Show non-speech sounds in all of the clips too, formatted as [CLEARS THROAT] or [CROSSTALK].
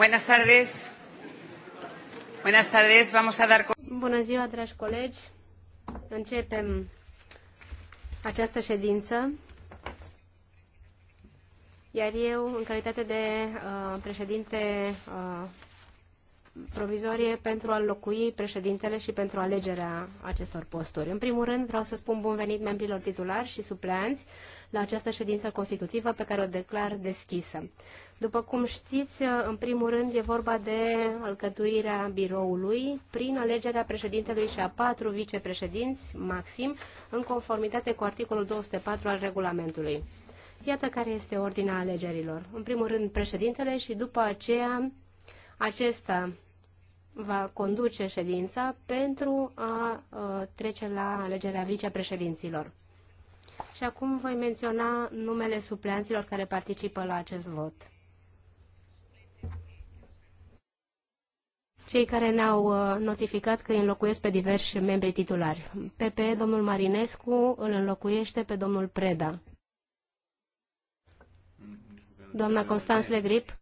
Buenas tardes. Buenas tardes. Vamos a dar... Bună ziua, dragi colegi. Începem această ședință. Iar eu, în calitate de uh, președinte uh, provizorie pentru a locui președintele și pentru alegerea acestor posturi. În primul rând, vreau să spun bun venit membrilor titulari și supleanți la această ședință constitutivă pe care o declar deschisă. După cum știți, în primul rând e vorba de alcătuirea biroului prin alegerea președintelui și a patru vicepreședinți maxim în conformitate cu articolul 204 al regulamentului. Iată care este ordinea alegerilor. În primul rând președintele și după aceea acesta va conduce ședința pentru a trece la alegerea vicepreședinților. Și acum voi menționa numele supleanților care participă la acest vot. Cei care ne-au notificat că îi înlocuiesc pe diversi membri titulari. PP, domnul Marinescu, îl înlocuiește pe domnul Preda. Doamna Constanț Legrip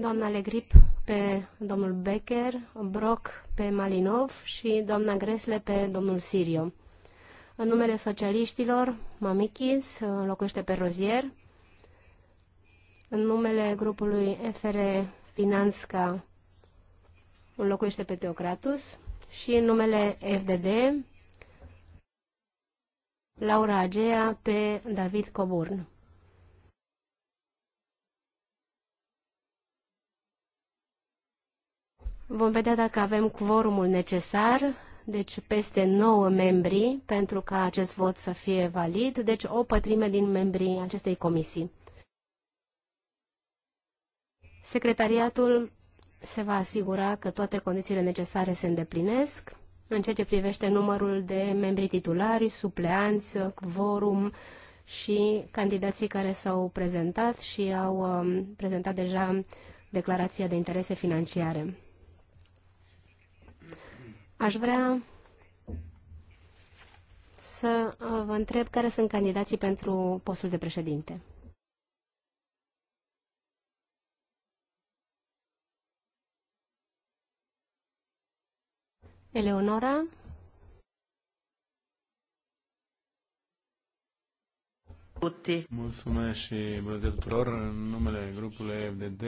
doamna Legrip pe domnul Becker, Brock pe Malinov și doamna Gresle pe domnul Sirio. În numele socialiștilor, Mamichis locuiește pe Rozier. În numele grupului FR Finanțca locuiește pe Teocratus. Și în numele FDD, Laura Agea pe David Coburn. Vom vedea dacă avem cuvorumul necesar, deci peste 9 membri, pentru ca acest vot să fie valid, deci o pătrime din membrii acestei comisii. Secretariatul se va asigura că toate condițiile necesare se îndeplinesc în ceea ce privește numărul de membri titulari, supleanți, quorum și candidații care s-au prezentat și au um, prezentat deja declarația de interese financiare. Aș vrea să uh, vă întreb care sunt candidații pentru postul de președinte. Eleonora. Mulțumesc și bună tuturor. În numele grupului FDD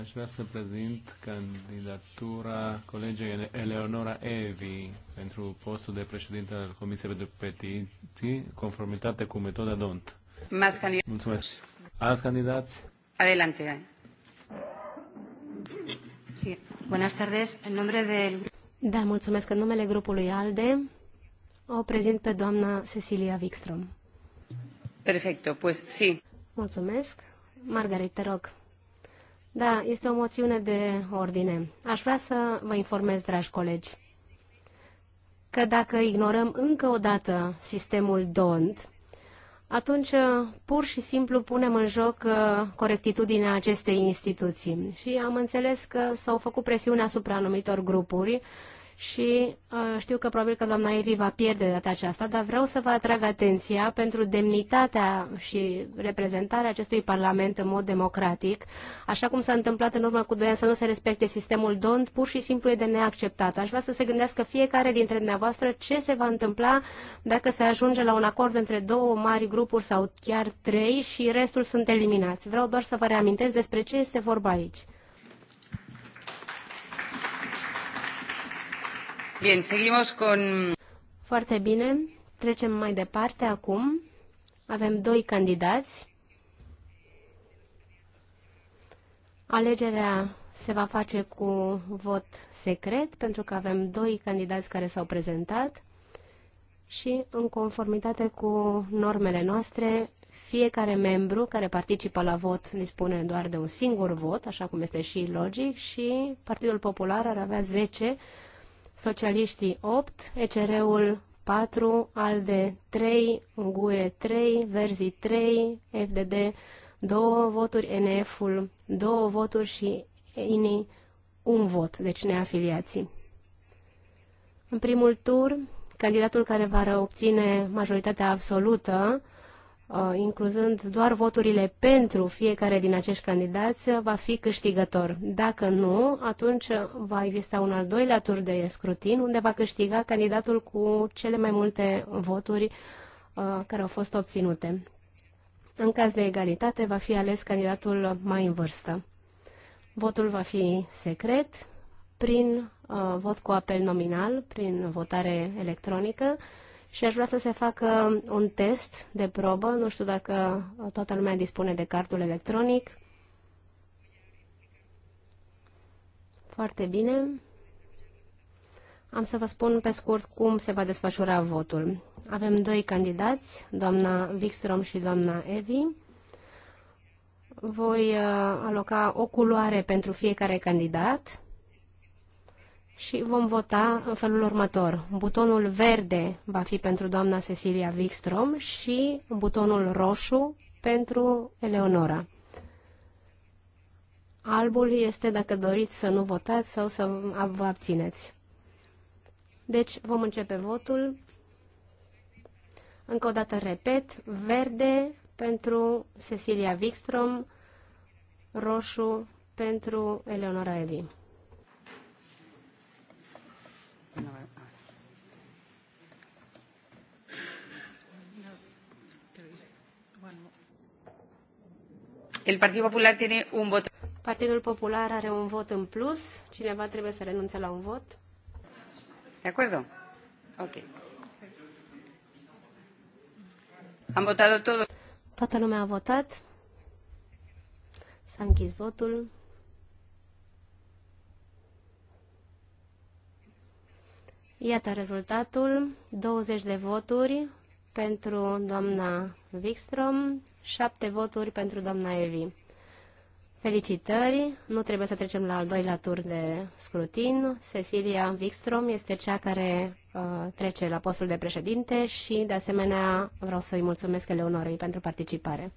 Aș vrea să prezint candidatura colegei Eleonora Evi pentru postul de președinte al Comisiei pentru Petiții, conformitate cu metoda DONT. Mulțumesc. Alți candidați? Adelante. Sí. Buenas tardes. nombre Da, mulțumesc. În numele grupului ALDE o prezint pe doamna Cecilia Wikström. Perfecto, pues sí. Mulțumesc. Margaret, te rog. Da, este o moțiune de ordine. Aș vrea să vă informez, dragi colegi, că dacă ignorăm încă o dată sistemul DONT, atunci uh, pur și simplu punem în joc uh, corectitudinea acestei instituții. Și am înțeles că s-au făcut presiuni asupra anumitor grupuri și uh, știu că probabil că doamna Evi va pierde data aceasta, dar vreau să vă atrag atenția pentru demnitatea și reprezentarea acestui Parlament în mod democratic. Așa cum s-a întâmplat în urmă cu doi ani să nu se respecte sistemul DONT, pur și simplu e de neacceptat. Aș vrea să se gândească fiecare dintre dumneavoastră ce se va întâmpla dacă se ajunge la un acord între două mari grupuri sau chiar trei și restul sunt eliminați. Vreau doar să vă reamintesc despre ce este vorba aici. Bien, seguimos con... Foarte bine. Trecem mai departe acum. Avem doi candidați. Alegerea se va face cu vot secret, pentru că avem doi candidați care s-au prezentat și, în conformitate cu normele noastre, fiecare membru care participă la vot dispune doar de un singur vot, așa cum este și logic, și Partidul Popular ar avea 10 socialiștii 8, ECR-ul 4, ALDE 3, GUE 3, Verzi 3, FDD 2 voturi, NF-ul 2 voturi și INI 1 vot, deci neafiliații. În primul tur, candidatul care va obține majoritatea absolută Uh, incluzând doar voturile pentru fiecare din acești candidați, uh, va fi câștigător. Dacă nu, atunci uh, va exista un al doilea tur de scrutin, unde va câștiga candidatul cu cele mai multe voturi care au fost obținute. În caz de egalitate, va fi ales candidatul mai în vârstă. Votul va fi secret prin uh, vot cu apel nominal, prin votare electronică și aș vrea să se facă un test de probă. Nu știu dacă toată lumea dispune de cardul electronic. Foarte bine. Am să vă spun pe scurt cum se va desfășura votul. Avem doi candidați, doamna Wikstrom și doamna Evi. Voi uh, aloca o culoare pentru fiecare candidat și vom vota în felul următor. Butonul verde va fi pentru doamna Cecilia Wikstrom și butonul roșu pentru Eleonora. Albul este dacă doriți să nu votați sau să vă abțineți. Deci vom începe votul. Încă o dată repet, verde pentru Cecilia Wikstrom, roșu pentru Eleonora Evi. El Partidul Popular tiene un voto. Partidul Popular are un vot în plus. Cineva trebuie să renunțe la un vot. De acuerdo? Ok. Am votat todos. Toată lumea a votat. S-a închis votul. Iată rezultatul. 20 de voturi pentru doamna Wikström, șapte voturi pentru doamna Evi. Felicitări! Nu trebuie să trecem la al doilea tur de scrutin. Cecilia Wikström este cea care uh, trece la postul de președinte și, de asemenea, vreau să-i mulțumesc Eleonorei pentru participare.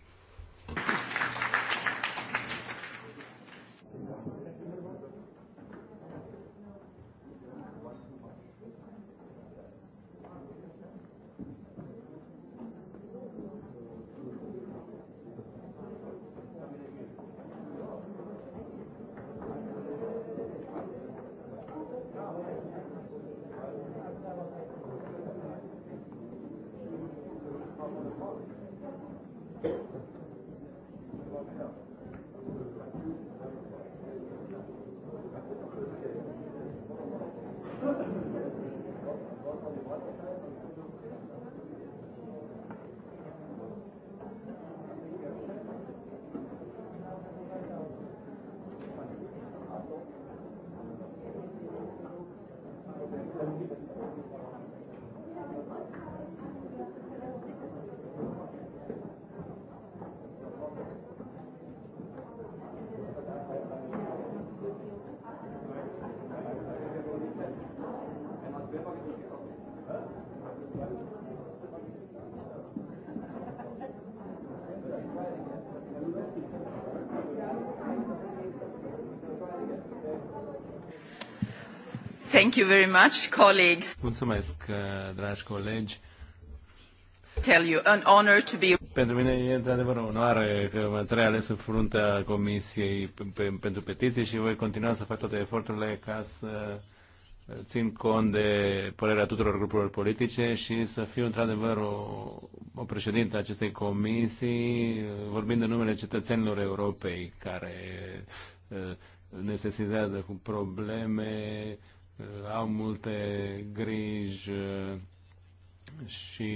you very much, colleagues. Mulțumesc, uh, dragi colegi. Tell you, an honor to be... Pentru mine e într-adevăr o onoare că mă trei ales în fruntea Comisiei pentru Petiții și voi continua să fac toate eforturile ca să țin cont de părerea tuturor grupurilor politice și să fiu într-adevăr o, o președinte a acestei comisii, vorbind în numele cetățenilor Europei care uh, ne sesizează cu probleme Uh, au multe griji uh, și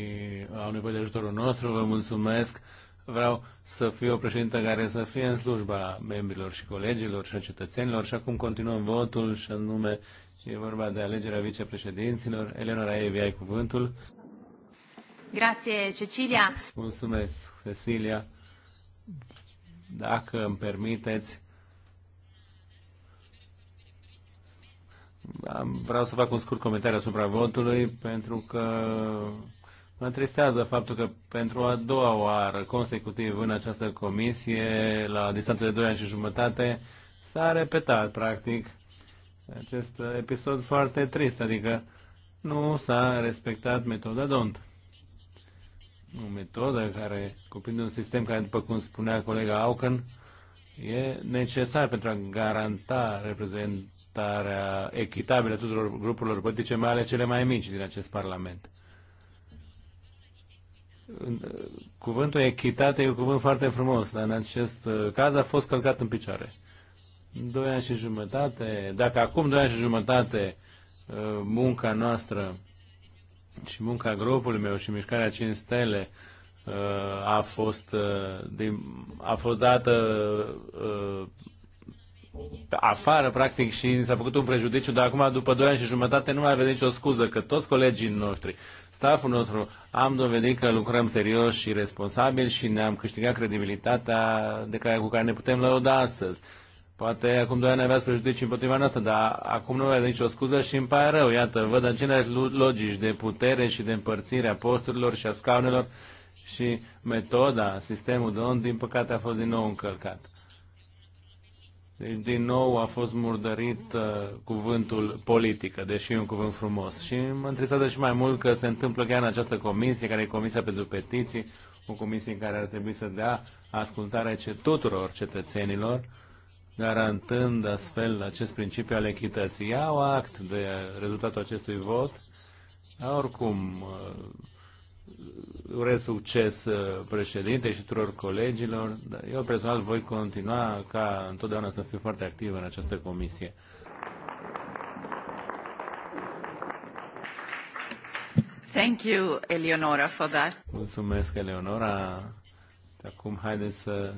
au nevoie de ajutorul nostru. Vă mulțumesc. Vreau să fiu o președintă care să fie în slujba membrilor și colegilor și a cetățenilor și acum continuăm votul și anume e vorba de alegerea vicepreședinților. Eleonora Evi, ai cuvântul. Grație, Cecilia. Mulțumesc, Cecilia. Dacă îmi permiteți, vreau să fac un scurt comentariu asupra votului, pentru că mă întristează faptul că pentru a doua oară consecutiv în această comisie, la distanță de 2 ani și jumătate, s-a repetat, practic, acest episod foarte trist, adică nu s-a respectat metoda DONT. O metodă care cuprinde un sistem care, după cum spunea colega Auken, e necesar pentru a garanta reprezentarea reprezentarea echitabilă a tuturor grupurilor politice, mai ales cele mai mici din acest Parlament. Cuvântul echitate e un cuvânt foarte frumos, dar în acest uh, caz a fost călcat în picioare. Doi ani și jumătate, dacă acum doi ani și jumătate uh, munca noastră și munca grupului meu și mișcarea 5 stele uh, a fost, a fost dată afară, practic, și s-a făcut un prejudiciu, dar acum, după 2 ani și jumătate, nu mai avem nicio scuză, că toți colegii noștri, stafful nostru, am dovedit că lucrăm serios și responsabil și ne-am câștigat credibilitatea de care, cu care ne putem lăuda astăzi. Poate acum doi ani aveați prejudicii împotriva noastră, dar acum nu aveți nicio scuză și îmi pare rău. Iată, văd aceleași logici de putere și de împărțire a posturilor și a scaunelor și metoda, sistemul de om, din păcate, a fost din nou încălcat. Deci, din nou, a fost murdărit uh, cuvântul politică, deși e un cuvânt frumos. Și mă întristează și mai mult că se întâmplă chiar în această comisie, care e Comisia pentru Petiții, o comisie în care ar trebui să dea ascultare ce tuturor cetățenilor, garantând astfel acest principiu al echității. Iau act de rezultatul acestui vot. Oricum, uh, urez succes uh, președinte și tuturor colegilor. Eu personal voi continua ca întotdeauna să fiu foarte activ în această comisie. Thank you, Eleonora, for that. Mulțumesc, Eleonora. Acum haideți să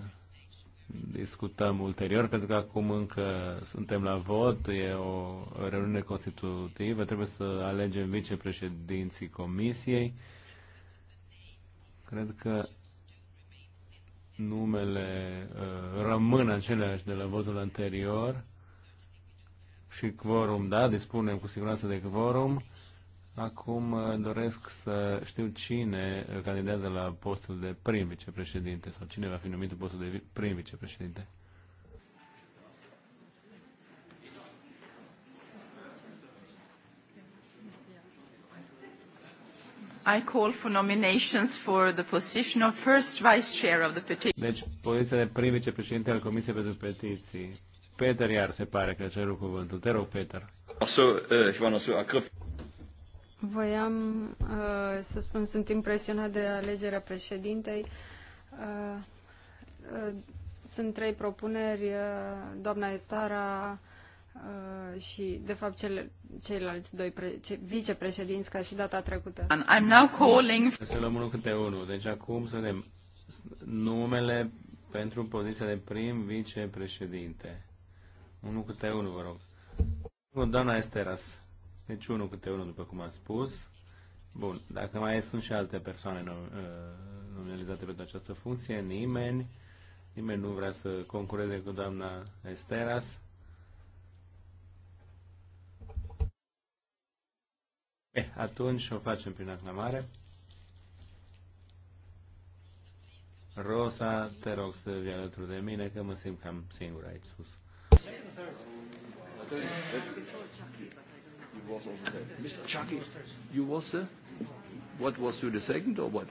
discutăm ulterior, pentru că acum încă suntem la vot, e o reuniune constitutivă, trebuie să alegem vicepreședinții comisiei. Cred că numele uh, rămân aceleași de la votul anterior și quorum, da, dispunem cu siguranță de quorum. Acum uh, doresc să știu cine candidează la postul de prim vicepreședinte sau cine va fi numit postul de prim vicepreședinte. I call for nominations for the position of first vice chair of the petition. Deci, poziția de prim vicepreședinte al Comisiei pentru Petiții. Peter iar se pare că cerul cuvântul. Te rog, Peter. Also, uh, ich war noch so Voiam uh, să spun, sunt impresionat de alegerea președintei. Uh, uh, sunt trei propuneri. Doamna Estara uh, și, de fapt, cele, ceilalți doi pre, ce, vicepreședinți, ca și data trecută. I'm now calling... Să luăm unul câte unul. Deci acum să vedem numele pentru poziția de prim vicepreședinte. Unul câte unul, vă rog. Doamna Esteras. Deci unul câte unul, după cum am spus. Bun, dacă mai sunt și alte persoane uh, nominalizate pentru această funcție, nimeni, nimeni nu vrea să concureze cu doamna Esteras. Eh, atunci o facem prin aclamare. Rosa, te rog să vii alături de mine, că mă simt cam singur aici sus. Mr. Chucky, you was the, what was you the second or what?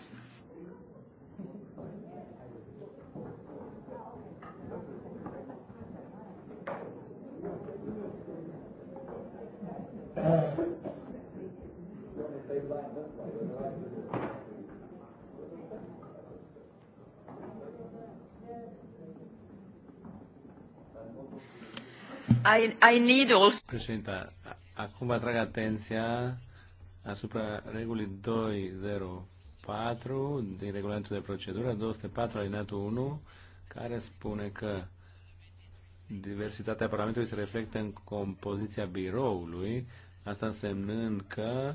Uh. I, I need also... acum vă atrag atenția asupra regulii 204 din regulamentul de procedură 204 alineatul 1 care spune că diversitatea Parlamentului se reflectă în compoziția biroului, asta însemnând că uh,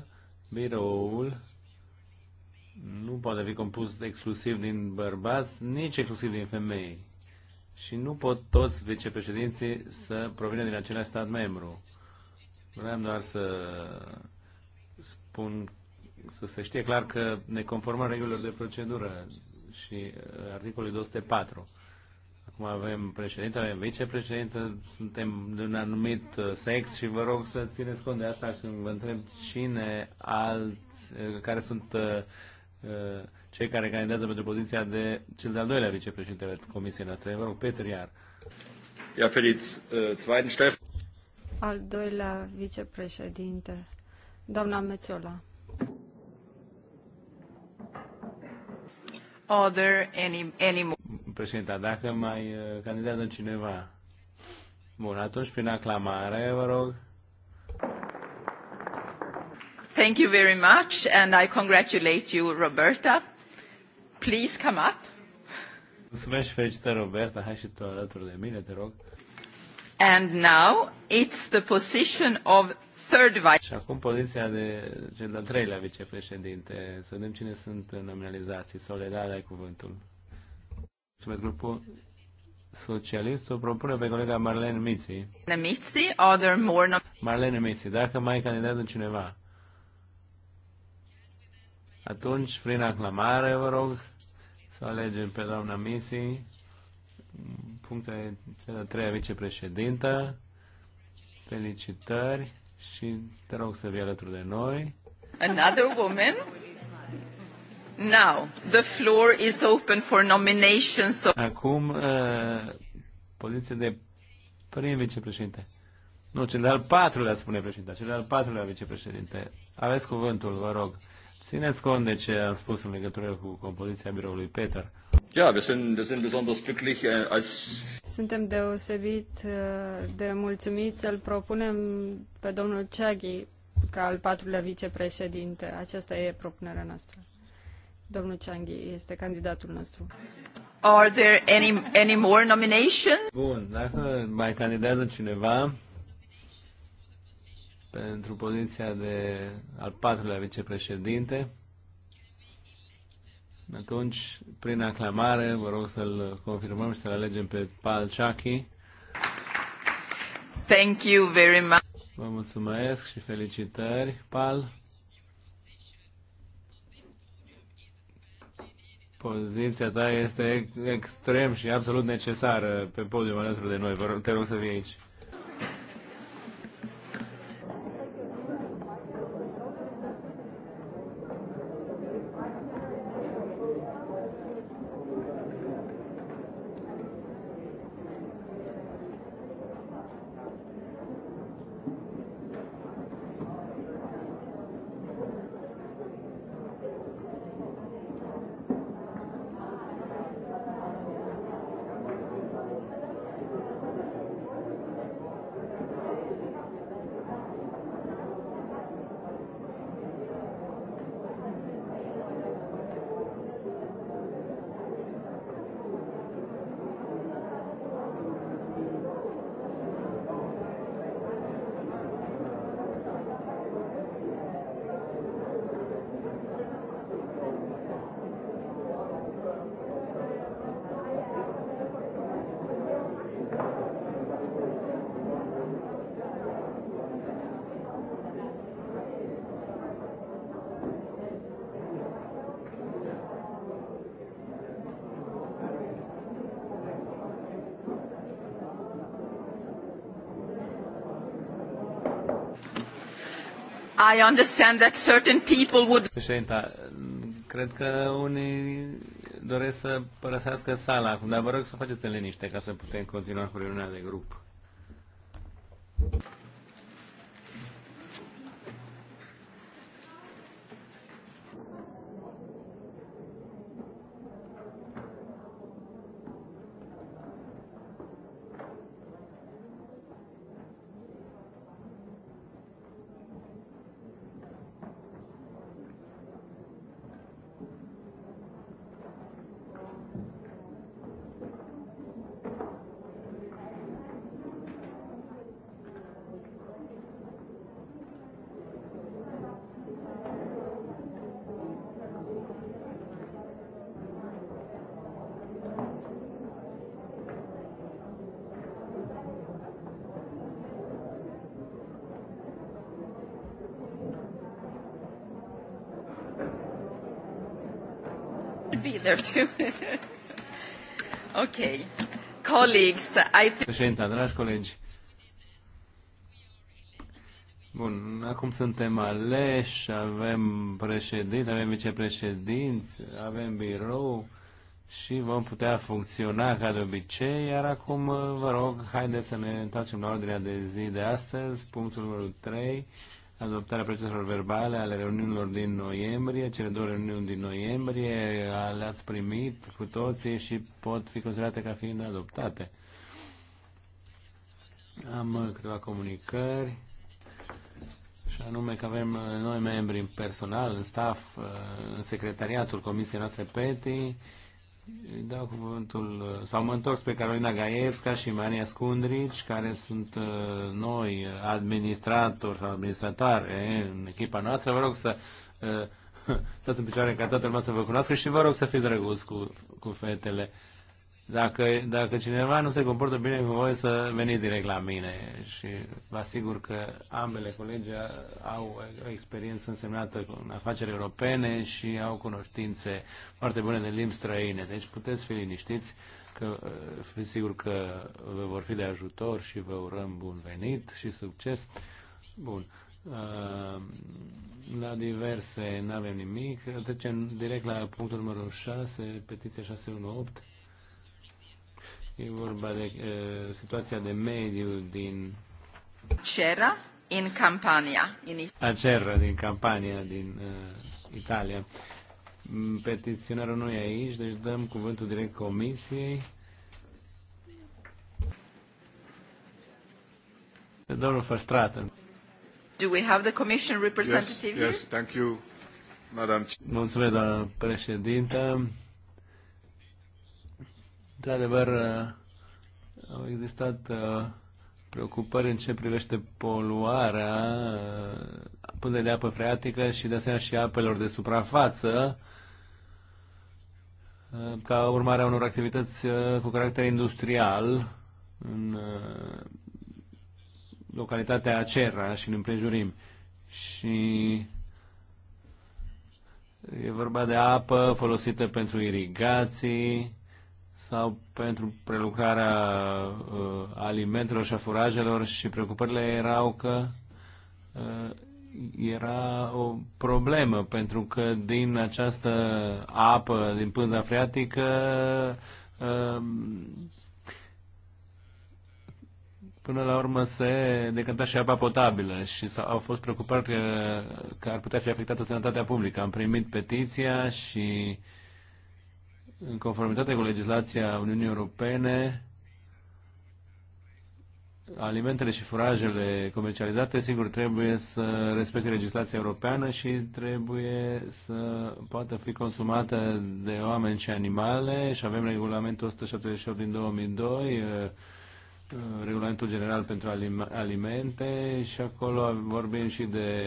biroul nu poate fi compus exclusiv din bărbați, nici exclusiv din femei. Și nu pot toți vicepreședinții să provină din același stat membru. Vreau doar să spun, să se știe clar că ne conformăm regulilor de procedură și uh, articolului 204. Acum avem președinte, avem vicepreședinte, suntem de un anumit uh, sex și vă rog să țineți cont de asta când vă întreb cine alți, uh, care sunt uh, cei care candidează pentru poziția de cel de-al doilea vicepreședinte al Comisiei noastre. Vă rog, Peter Iar. Ia für äh, zweiten Al doilea vicepreședinte, doamna Mețola. Are there any, any Președinta, dacă mai uh, candidează cineva? Bun, atunci prin aclamare, vă rog. Thank you very much and I congratulate you, Roberta. Please come up. Mulțumesc și fericită, Roberta. Hai și tu alături de mine, te rog. And now it's the position of third vice. Și acum poziția de cel de-al treilea vicepreședinte. Să vedem cine sunt nominalizații. Soledad, ai cuvântul. Mulțumesc, grupul socialist. O propune pe colega Marlene Mitzi. Marlene Mitzi, dacă mai candidează cineva. Atunci, prin aclamare, vă rog, să alegem pe doamna Mitzi. punctul de-a treia vicepreședintă. Felicitări și te rog să vii alături de noi. Another woman Now, the floor is open for nominations. Of... Acum, uh, poziție de prim vicepreședinte. Nu, cel de-al patrulea, spune președinte, cel de-al patrulea vicepreședinte. Aveți cuvântul, vă rog. Țineți cont de ce am spus în legătură cu compoziția biroului Peter. Ja, wir sind, wir sind besonders glücklich äh, als... Suntem deosebit uh, de mulțumiți să-l propunem pe domnul Ceaghi ca al patrulea vicepreședinte. Aceasta e propunerea noastră. Domnul Changi este candidatul nostru. Are there any, any more nominations? Bun, dacă mai candidează cineva pentru poziția de al patrulea vicepreședinte, atunci, prin aclamare, vă rog să-l confirmăm și să-l alegem pe Pal Ciachi. Thank you very much. Vă mulțumesc și felicitări, Pal. Poziția ta este extrem și absolut necesară pe podium alături de noi. Vă rog, te rog să vii aici. I understand that certain people would... Președinta, cred că unii doresc să părăsească sala dar vă rog să faceți în liniște ca să putem continua cu reuniunea de grup. be there too. [LAUGHS] okay. Colleagues, I... Președinte, dragi colegi, Bun, acum suntem aleși, avem președinte, avem vicepreședinți, avem birou și vom putea funcționa ca de obicei, iar acum vă rog, haideți să ne întoarcem la ordinea de zi de astăzi, punctul numărul 3, adoptarea proceselor verbale ale reuniunilor din noiembrie, cele două reuniuni din noiembrie, le-ați primit cu toții și pot fi considerate ca fiind adoptate. Am câteva comunicări și anume că avem noi membri în personal, în staff, în secretariatul Comisiei noastre PETI, îi dau cuvântul, uh, sau mă întorc pe Carolina Gaevska și Maria Scundrici, care sunt uh, noi administratori sau administratare în echipa noastră. Vă rog să uh, [LAUGHS] stați în picioare ca toată lumea să vă cunoască și vă rog să fiți drăguți cu, cu fetele. Dacă, dacă cineva nu se comportă bine cu voi, să veniți direct la mine și vă asigur că ambele colegi au o experiență însemnată în afaceri europene și au cunoștințe foarte bune de limbi străine. Deci puteți fi liniștiți că fi sigur că vă vor fi de ajutor și vă urăm bun venit și succes. Bun. Uh, la diverse nu avem nimic. Trecem direct la punctul numărul 6, petiția 618 E vorba de uh, situația de mediu din... Cera, în Campania. In... Acerra, din Campania, din uh, Italia. Mm, Petiționarul nu e aici, deci dăm cuvântul direct comisiei. Domnul Făstrată. Do we have the commission representative yes, here? Yes, thank you, madam. Mulțumesc, doamnă președintă. Într-adevăr, au existat uh, preocupări în ce privește poluarea uh, pânzei de apă freatică și de asemenea și apelor de suprafață uh, ca urmare a unor activități cu caracter industrial în localitatea Acerra și în împrejurim. Și e vorba de apă folosită pentru irigații, sau pentru prelucrarea uh, alimentelor și a furajelor și preocupările erau că uh, era o problemă pentru că din această apă din pânza freatică uh, până la urmă se decanta și apa potabilă și au fost preocupări că, că ar putea fi afectată sănătatea publică. Am primit petiția și uh, în conformitate cu legislația Uniunii Europene, alimentele și furajele comercializate, sigur, trebuie să respecte legislația europeană și trebuie să poată fi consumată de oameni și animale și avem regulamentul 178 din 2002 regulamentul general pentru alimente și acolo vorbim și de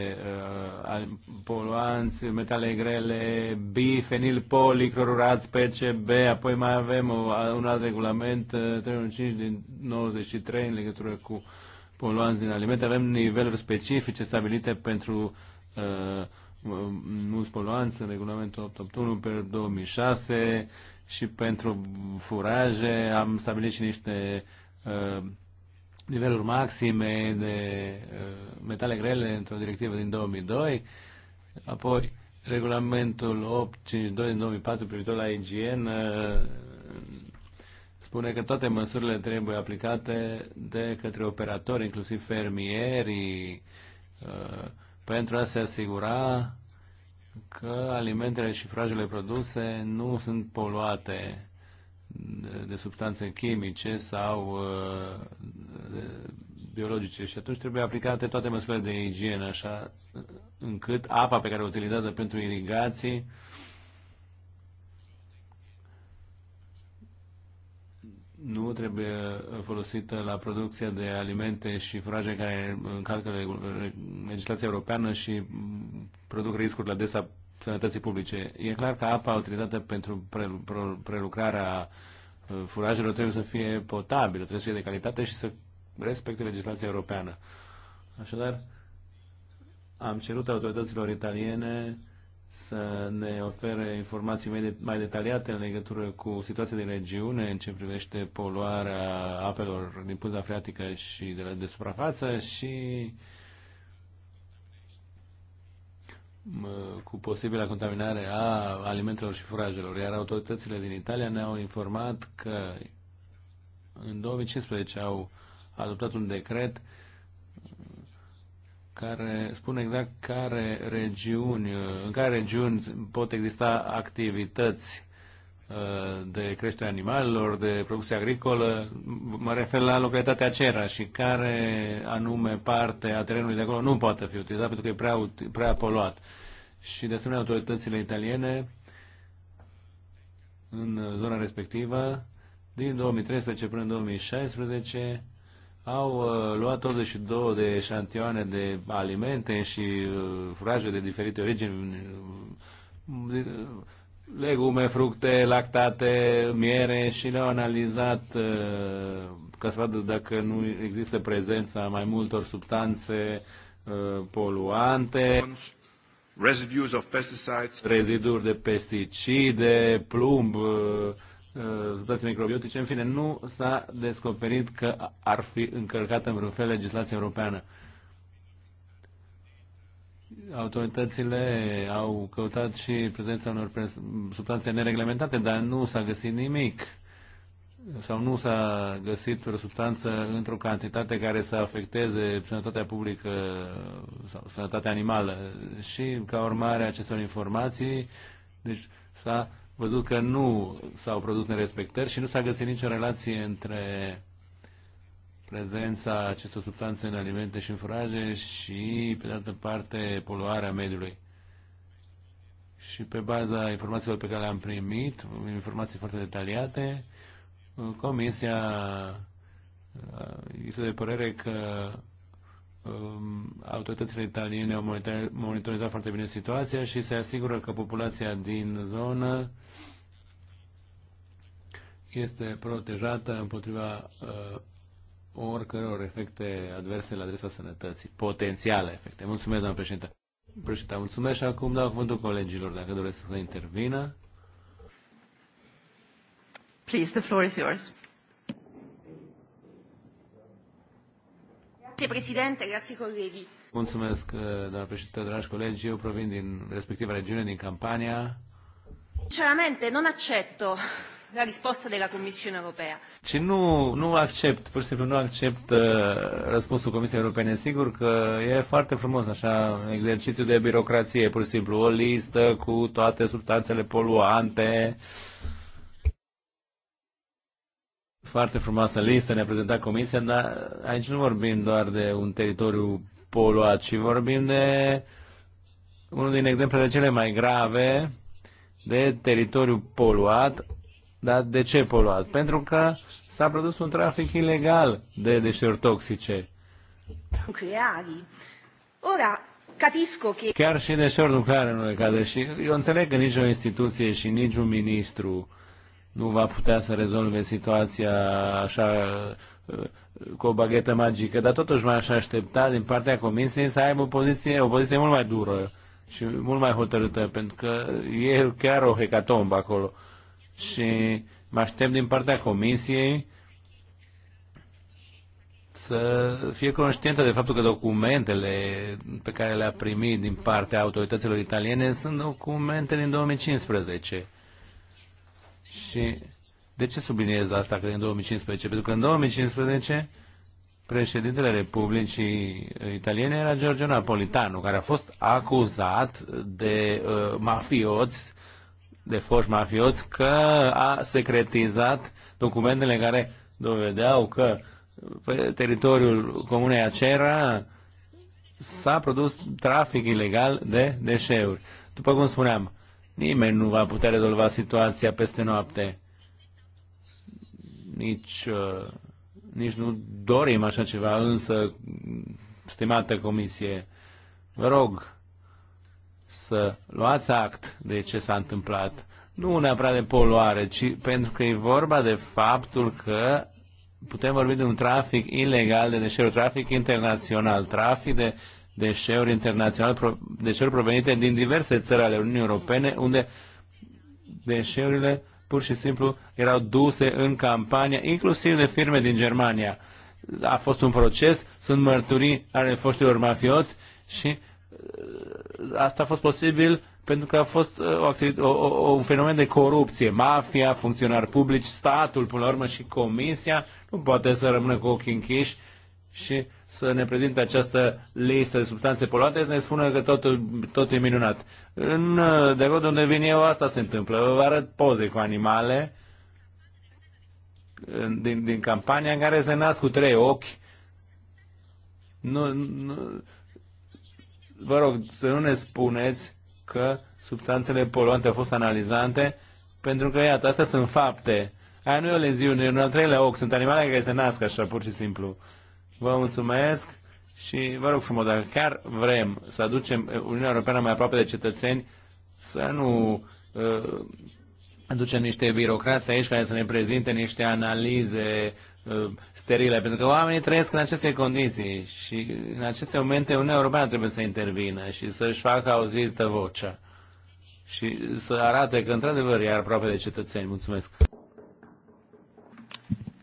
uh, poluanți, metale grele, poli, clorurați, PCB, apoi mai avem un alt regulament, uh, 35 din 93 în legătură cu poluanți din alimente. Avem niveluri specifice stabilite pentru uh, mulți um, poluanți în regulamentul 881 pe 2006 și pentru furaje am stabilit și niște uh, Uh, niveluri maxime de uh, metale grele într-o directivă din 2002, apoi regulamentul 852 din 2004 privitor la igienă uh, spune că toate măsurile trebuie aplicate de către operatori, inclusiv fermierii, pentru a se asigura că alimentele și frajele produse nu sunt poluate de substanțe chimice sau uh, biologice și atunci trebuie aplicate toate măsurile de igienă, așa uh, încât apa pe care o utilizează pentru irigații nu trebuie folosită la producția de alimente și furaje care încalcă legislația europeană și produc riscuri la desa sănătății publice. E clar că apa utilizată pentru prelucrarea uh, furajelor trebuie să fie potabilă, trebuie să fie de calitate și să respecte legislația europeană. Așadar, am cerut autorităților italiene să ne ofere informații mai detaliate în legătură cu situația din regiune în ce privește poluarea apelor din punza freatică și de, la, de suprafață și uh, cu posibilă contaminare a alimentelor și furajelor, iar autoritățile din Italia ne-au informat că în 2015 au adoptat un decret care spune exact care regiuni, în care regiuni pot exista activități Uh, de creștere animalelor, de producție agricolă, mă refer la localitatea Cera și care anume parte a terenului de acolo nu poate fi utilizat pentru că e prea, prea poluat. Și de asemenea autoritățile italiene în zona respectivă din 2013 până în 2016 au uh, luat 82 de șantioane de alimente și uh, furaje de diferite origini legume, fructe, lactate, miere și le-au analizat uh, ca să vadă dacă nu există prezența mai multor substanțe uh, poluante, reziduri de pesticide, plumb, uh, substanțe microbiotice, în fine, nu s-a descoperit că ar fi încălcată în vreun fel legislația europeană autoritățile au căutat și prezența unor substanțe nereglementate, dar nu s-a găsit nimic sau nu s-a găsit o substanță într-o cantitate care să afecteze sănătatea publică sau sănătatea animală. Și ca urmare a acestor informații, deci s-a văzut că nu s-au produs nerespectări și nu s-a găsit nicio relație între prezența acestor substanțe în alimente și în furaje și, pe de altă parte, poluarea mediului. Și pe baza informațiilor pe care le-am primit, informații foarte detaliate, Comisia uh, este de părere că um, autoritățile italiene au monitorizat foarte bine situația și se asigură că populația din zonă este protejată împotriva uh, oricăror efecte adverse la adresa sănătății, potențiale efecte. Mulțumesc, doamnă președinte. Președinte, mulțumesc și acum dau cuvântul colegilor dacă doresc să intervină. Please, the floor is yours. Grazie, Presidente, grazie, colleghi. Mulțumesc, uh, doamnă președinte, dragi colegi. Eu provin din respectiva regiune, din Campania. Sinceramente, non accetto la risposta della Commissione europea. Și nu, nu accept, pur și simplu nu accept uh, răspunsul Comisiei Europene. Sigur că e foarte frumos așa, un exercițiu de birocrație, pur și simplu, o listă cu toate substanțele poluante. Foarte frumoasă listă ne-a prezentat Comisia, dar aici nu vorbim doar de un teritoriu poluat, ci vorbim de unul din exemplele cele mai grave de teritoriu poluat dar de ce poluat? Pentru că s-a produs un trafic ilegal de deșeuri toxice. Nucleari. Ora, capisco că Chiar și deșeuri nucleare nu le cade. Și eu înțeleg că nici o instituție și nici un ministru nu va putea să rezolve situația așa cu o baghetă magică, dar totuși m-aș aștepta din partea Comisiei să aibă o poziție, o poziție mult mai dură și mult mai hotărâtă, pentru că e chiar o hecatombă acolo și mă aștept din partea Comisiei să fie conștientă de faptul că documentele pe care le-a primit din partea autorităților italiene sunt documente din 2015. Și de ce subliniez asta că din 2015? Pentru că în 2015 președintele Republicii Italiene era Giorgio Napolitano, care a fost acuzat de uh, mafioți de foști mafioți că a secretizat documentele care dovedeau că pe teritoriul comunei Acera s-a produs trafic ilegal de deșeuri. După cum spuneam, nimeni nu va putea rezolva situația peste noapte. Nici, uh, nici nu dorim așa ceva, însă, stimată comisie, vă rog, să luați act de ce s-a întâmplat. Nu neapărat de poluare, ci pentru că e vorba de faptul că putem vorbi de un trafic ilegal de deșeuri, trafic internațional, trafic de deșeuri internaționale, deșeuri provenite din diverse țări ale Uniunii Europene, unde deșeurile pur și simplu erau duse în campania, inclusiv de firme din Germania. A fost un proces, sunt mărturii ale foștilor mafioți și Uh, asta a fost posibil pentru că a fost uh, o, o, o, un fenomen de corupție. Mafia, funcționari publici, statul, până la urmă și comisia, nu poate să rămână cu ochii închiși și să ne prezinte această listă de substanțe poluante, să ne spună că totul, totul e minunat. În, uh, de acolo de unde vin eu, asta se întâmplă. Vă arăt poze cu animale din, din campania în care se nasc cu trei ochi. Nu, nu, vă rog să nu ne spuneți că substanțele poluante au fost analizate, pentru că, iată, astea sunt fapte. Aia nu e o leziune, e un al treilea ochi. Sunt animale care se nasc așa, pur și simplu. Vă mulțumesc și vă rog frumos, dacă chiar vrem să aducem Uniunea Europeană mai aproape de cetățeni, să nu uh, aducem niște birocrați aici care să ne prezinte niște analize sterile, pentru că oamenii trăiesc în aceste condiții și în aceste momente Uniunea Europeană trebuie să intervină și să-și facă auzită vocea și să arate că într-adevăr e aproape de cetățeni. Mulțumesc!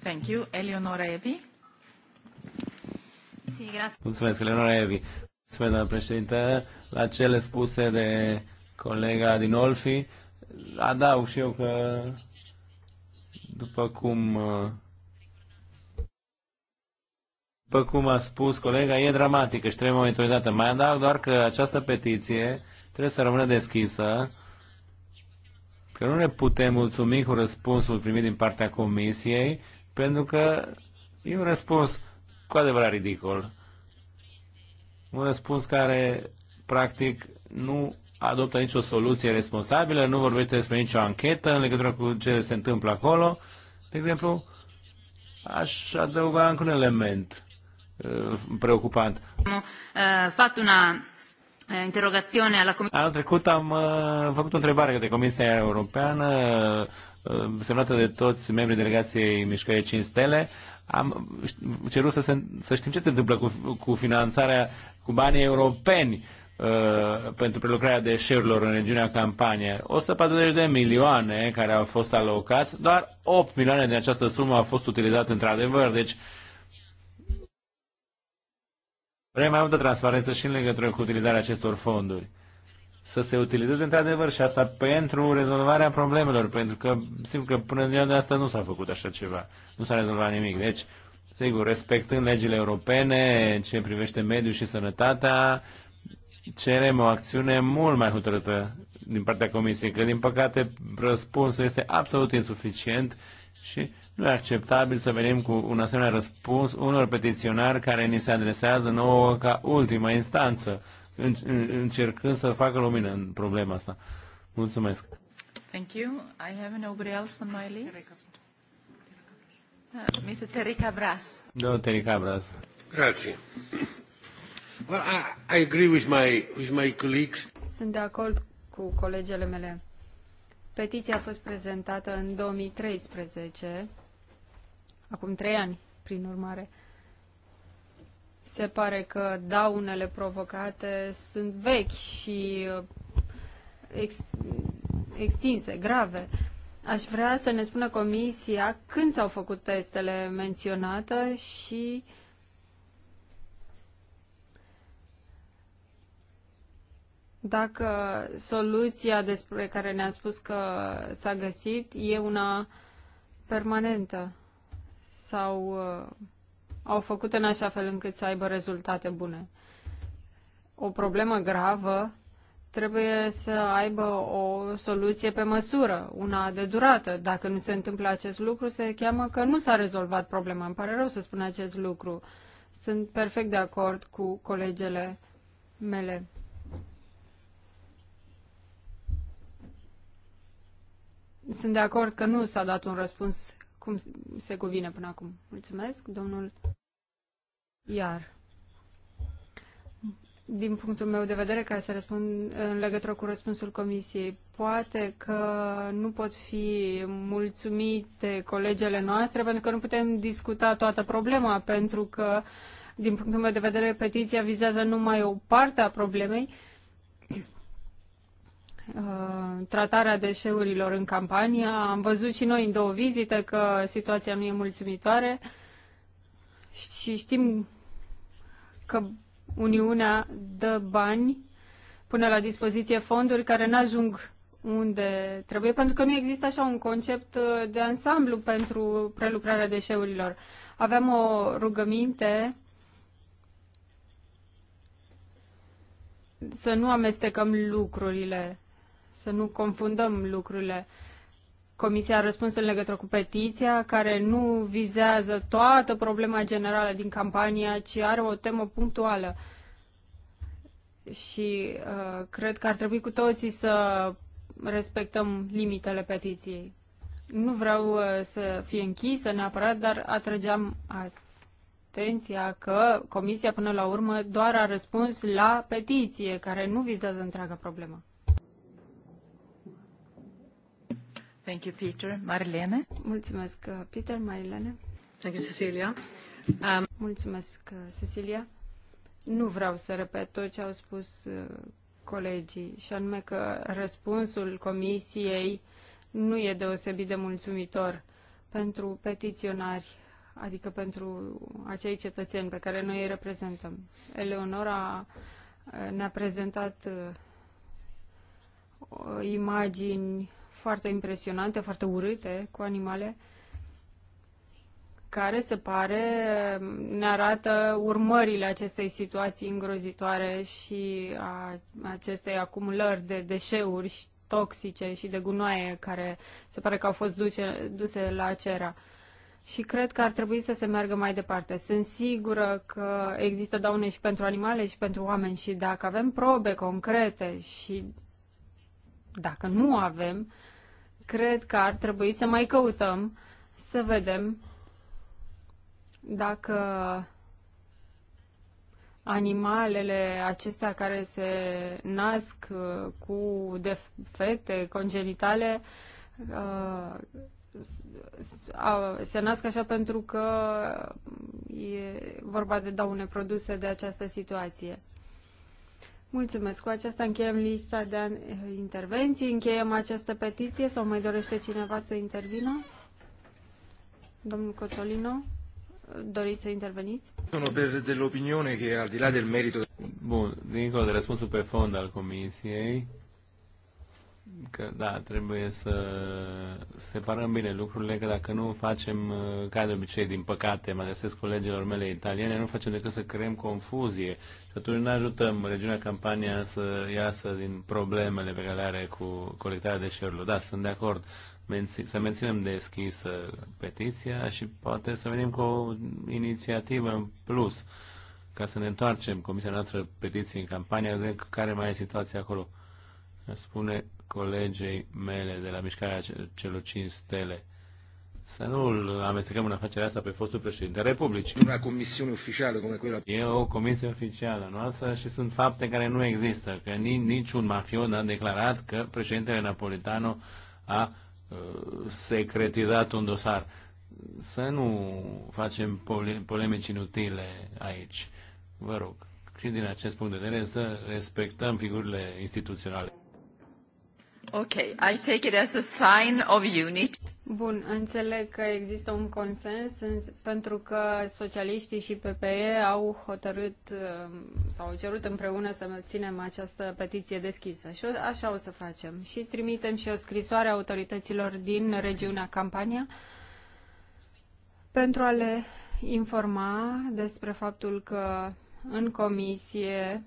Thank you. Eleonora Evi. Sí, grazie. Mulțumesc, Eleonora Evi. Mulțumesc, doamnă președintă. La cele spuse de colega din Olfi, adaug și eu că după cum uh, după cum a spus colega, e dramatică și trebuie monitorizată. Mai adaug doar că această petiție trebuie să rămână deschisă, că nu ne putem mulțumi cu răspunsul primit din partea Comisiei, pentru că e un răspuns cu adevărat ridicol. Un răspuns care, practic, nu adoptă nicio soluție responsabilă, nu vorbește despre nicio anchetă în legătură cu ce se întâmplă acolo. De exemplu, aș adăuga încă un element. Eh, preocupant. Eh, Fatto una eh, interrogazione alla Comisia. Anul trecut am făcut o întrebare către Comisia Europeană semnată de toți membrii delegației Mișcării 5 Stele. Am cerut să, se, să știm ce se întâmplă cu, cu finanțarea cu banii europeni pentru prelucrarea deșeurilor în regiunea Campania. 140 de milioane care au fost alocați, doar 8 milioane din această sumă au fost utilizate într-adevăr. Deci, uh, Vrem mai multă transparență și în legătură cu utilizarea acestor fonduri. Să se utilizeze într-adevăr și asta pentru rezolvarea problemelor, pentru că simt că până în ziua de asta nu s-a făcut așa ceva. Nu s-a rezolvat nimic. Deci, sigur, respectând legile europene, ce privește mediul și sănătatea, cerem o acțiune mult mai hotărâtă din partea Comisiei, că din păcate răspunsul este absolut insuficient și nu e acceptabil să venim cu un asemenea răspuns unor petiționari care ni se adresează nouă ca ultima instanță, încercând să facă lumină în problema asta. Mulțumesc. Thank you. I have nobody else on my list. Uh, Mr. Terica Bras. Domnul da, Terica Bras. Grazie. Well, I, I agree with my, with my colleagues. Sunt de acord cu colegele mele. Petiția a fost prezentată în 2013 acum trei ani, prin urmare. Se pare că daunele provocate sunt vechi și uh, ex, extinse, grave. Aș vrea să ne spună comisia când s-au făcut testele menționate și dacă soluția despre care ne-a spus că s-a găsit e una permanentă sau uh, au făcut în așa fel încât să aibă rezultate bune. O problemă gravă trebuie să aibă o soluție pe măsură, una de durată. Dacă nu se întâmplă acest lucru, se cheamă că nu s-a rezolvat problema. Îmi pare rău să spun acest lucru. Sunt perfect de acord cu colegele mele. Sunt de acord că nu s-a dat un răspuns cum se cuvine până acum. Mulțumesc, domnul Iar. Din punctul meu de vedere, ca să răspund în legătură cu răspunsul comisiei, poate că nu pot fi mulțumite colegele noastre pentru că nu putem discuta toată problema, pentru că, din punctul meu de vedere, petiția vizează numai o parte a problemei, uh, Uh, tratarea deșeurilor în campania. Am văzut și noi în două vizite că situația nu e mulțumitoare și știm că Uniunea dă bani, pune la dispoziție fonduri care nu ajung unde trebuie, pentru că nu există așa un concept uh, de ansamblu pentru prelucrarea deșeurilor. Aveam o rugăminte să nu amestecăm lucrurile să nu confundăm lucrurile. Comisia a răspuns în legătură cu petiția, care nu vizează toată problema generală din campania, ci are o temă punctuală. Și uh, cred că ar trebui cu toții să respectăm limitele petiției. Nu vreau uh, să fie închisă neapărat, dar atrăgeam atenția că Comisia până la urmă doar a răspuns la petiție, care nu vizează întreaga problemă. Thank you, Peter. Marilene? Mulțumesc, uh, Peter, Marilene. Thank you, Cecilia. Um... Mulțumesc, uh, Cecilia. Nu vreau să repet tot ce au spus uh, colegii, și anume că răspunsul comisiei nu e deosebit de mulțumitor pentru petiționari, adică pentru acei cetățeni pe care noi îi reprezentăm. Eleonora ne-a prezentat imagini foarte impresionante, foarte urâte cu animale, care se pare ne arată urmările acestei situații îngrozitoare și a acestei acumulări de deșeuri toxice și de gunoaie care se pare că au fost duce, duse la acera și cred că ar trebui să se meargă mai departe. Sunt sigură că există daune și pentru animale și pentru oameni și dacă avem probe concrete și dacă nu avem, cred că ar trebui să mai căutăm, să vedem dacă animalele acestea care se nasc uh, cu defecte congenitale uh, se nasc așa pentru că e vorba de daune produse de această situație. Mulțumesc. Cu aceasta încheiem lista de intervenții, încheiem această petiție sau mai dorește cineva să intervină? Domnul Cotolino, doriți să interveniți? Bun, dincolo de răspunsul pe fond al Comisiei, că da, trebuie să separăm bine lucrurile, că dacă nu facem, uh, ca de obicei, din păcate, mă adresez colegilor mele italiene, nu facem decât să creăm confuzie și atunci nu ajutăm regiunea Campania să iasă din problemele pe care le are cu colectarea deșeurilor. Da, sunt de acord să menținem deschisă petiția și poate să venim cu o inițiativă în plus ca să ne întoarcem Comisia noastră petiții în campania, care mai e situația acolo spune colegei mele de la mișcarea celor 5 stele. Să nu amestecăm în afacerea asta pe fostul președinte Republicii. Una comisiune oficială cum quella. E o comisie oficială noastră și sunt fapte care nu există, că ni, niciun mafion a declarat că președintele Napolitano a uh, secretizat un dosar. Să nu facem pole, polemici inutile aici. Vă rog, și din acest punct de vedere să respectăm figurile instituționale. Ok, I take it as a sign of unity. Bun, înțeleg că există un consens pentru că socialiștii și PPE au hotărât um, sau au cerut împreună să ținem această petiție deschisă. Și așa o să facem. Și trimitem și o scrisoare autorităților din regiunea Campania pentru a le informa despre faptul că în comisie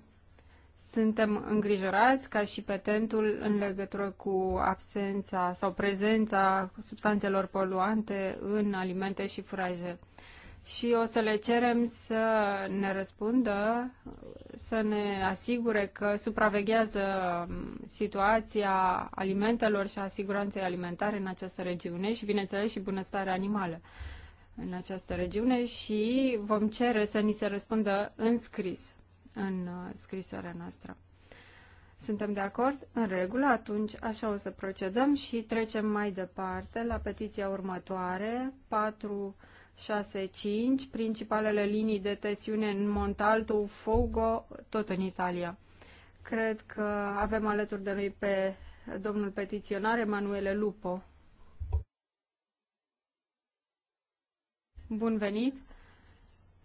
suntem îngrijorați ca și petentul în legătură cu absența sau prezența substanțelor poluante în alimente și furaje. Și o să le cerem să ne răspundă, să ne asigure că supraveghează um, situația alimentelor și a siguranței alimentare în această regiune și, bineînțeles, și bunăstarea animală în această regiune și vom cere să ni se răspundă în scris în uh, scrisoarea noastră. Suntem de acord? În regulă, atunci așa o să procedăm și trecem mai departe la petiția următoare, 465, principalele linii de tensiune în Montalto, Fogo, tot în Italia. Cred că avem alături de noi pe domnul petiționar Emanuele Lupo. Bun venit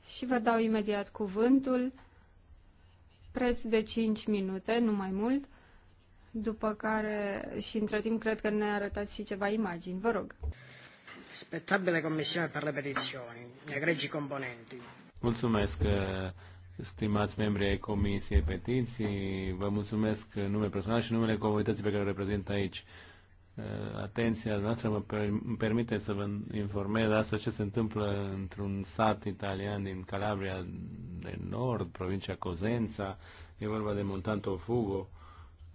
și vă dau imediat cuvântul preț de 5 minute, nu mai mult, după care și între timp cred că ne arătați și ceva imagini. Vă rog. Spettabile Comisiune per le Petizioni, egregi componenti. Mulțumesc, eh, stimați membri ai Comisiei Petiții. Vă mulțumesc în nume personal și numele comunității pe care o reprezint aici. Eh, atenția noastră mă permite să vă informez asta ce se întâmplă într-un sat italian din Calabria de Nord, provincia Cosenza, e vorba de Fugo.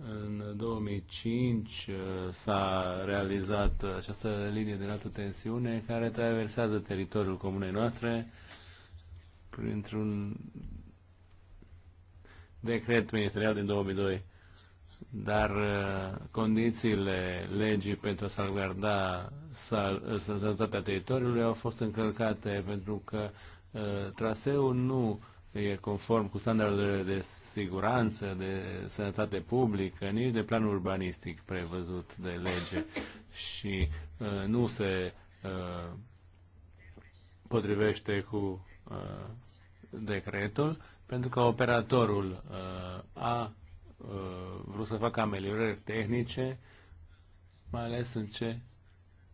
În 2005 eh, s-a realizat această linie de înaltă tensiune care traversează teritoriul comunei noastre printr-un decret ministerial din 2002 dar uh, condițiile legii pentru a salvaguarda uh, sănătatea teritoriului au fost încălcate pentru că uh, traseul nu e conform cu standardele de siguranță, de sănătate publică, nici de plan urbanistic prevăzut de lege și nu se potrivește cu decretul, pentru că operatorul uh, a Uh, vrut să facă ameliorări tehnice, mai ales în ce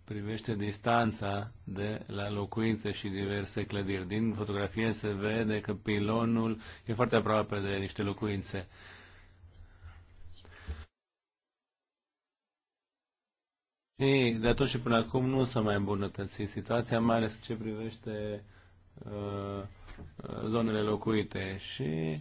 privește distanța de la locuințe și diverse clădiri. Din fotografie se vede că pilonul e foarte aproape de niște locuințe. Și de atunci și până acum nu s-a mai îmbunătățit situația, mai ales ce privește uh, uh, zonele locuite. Și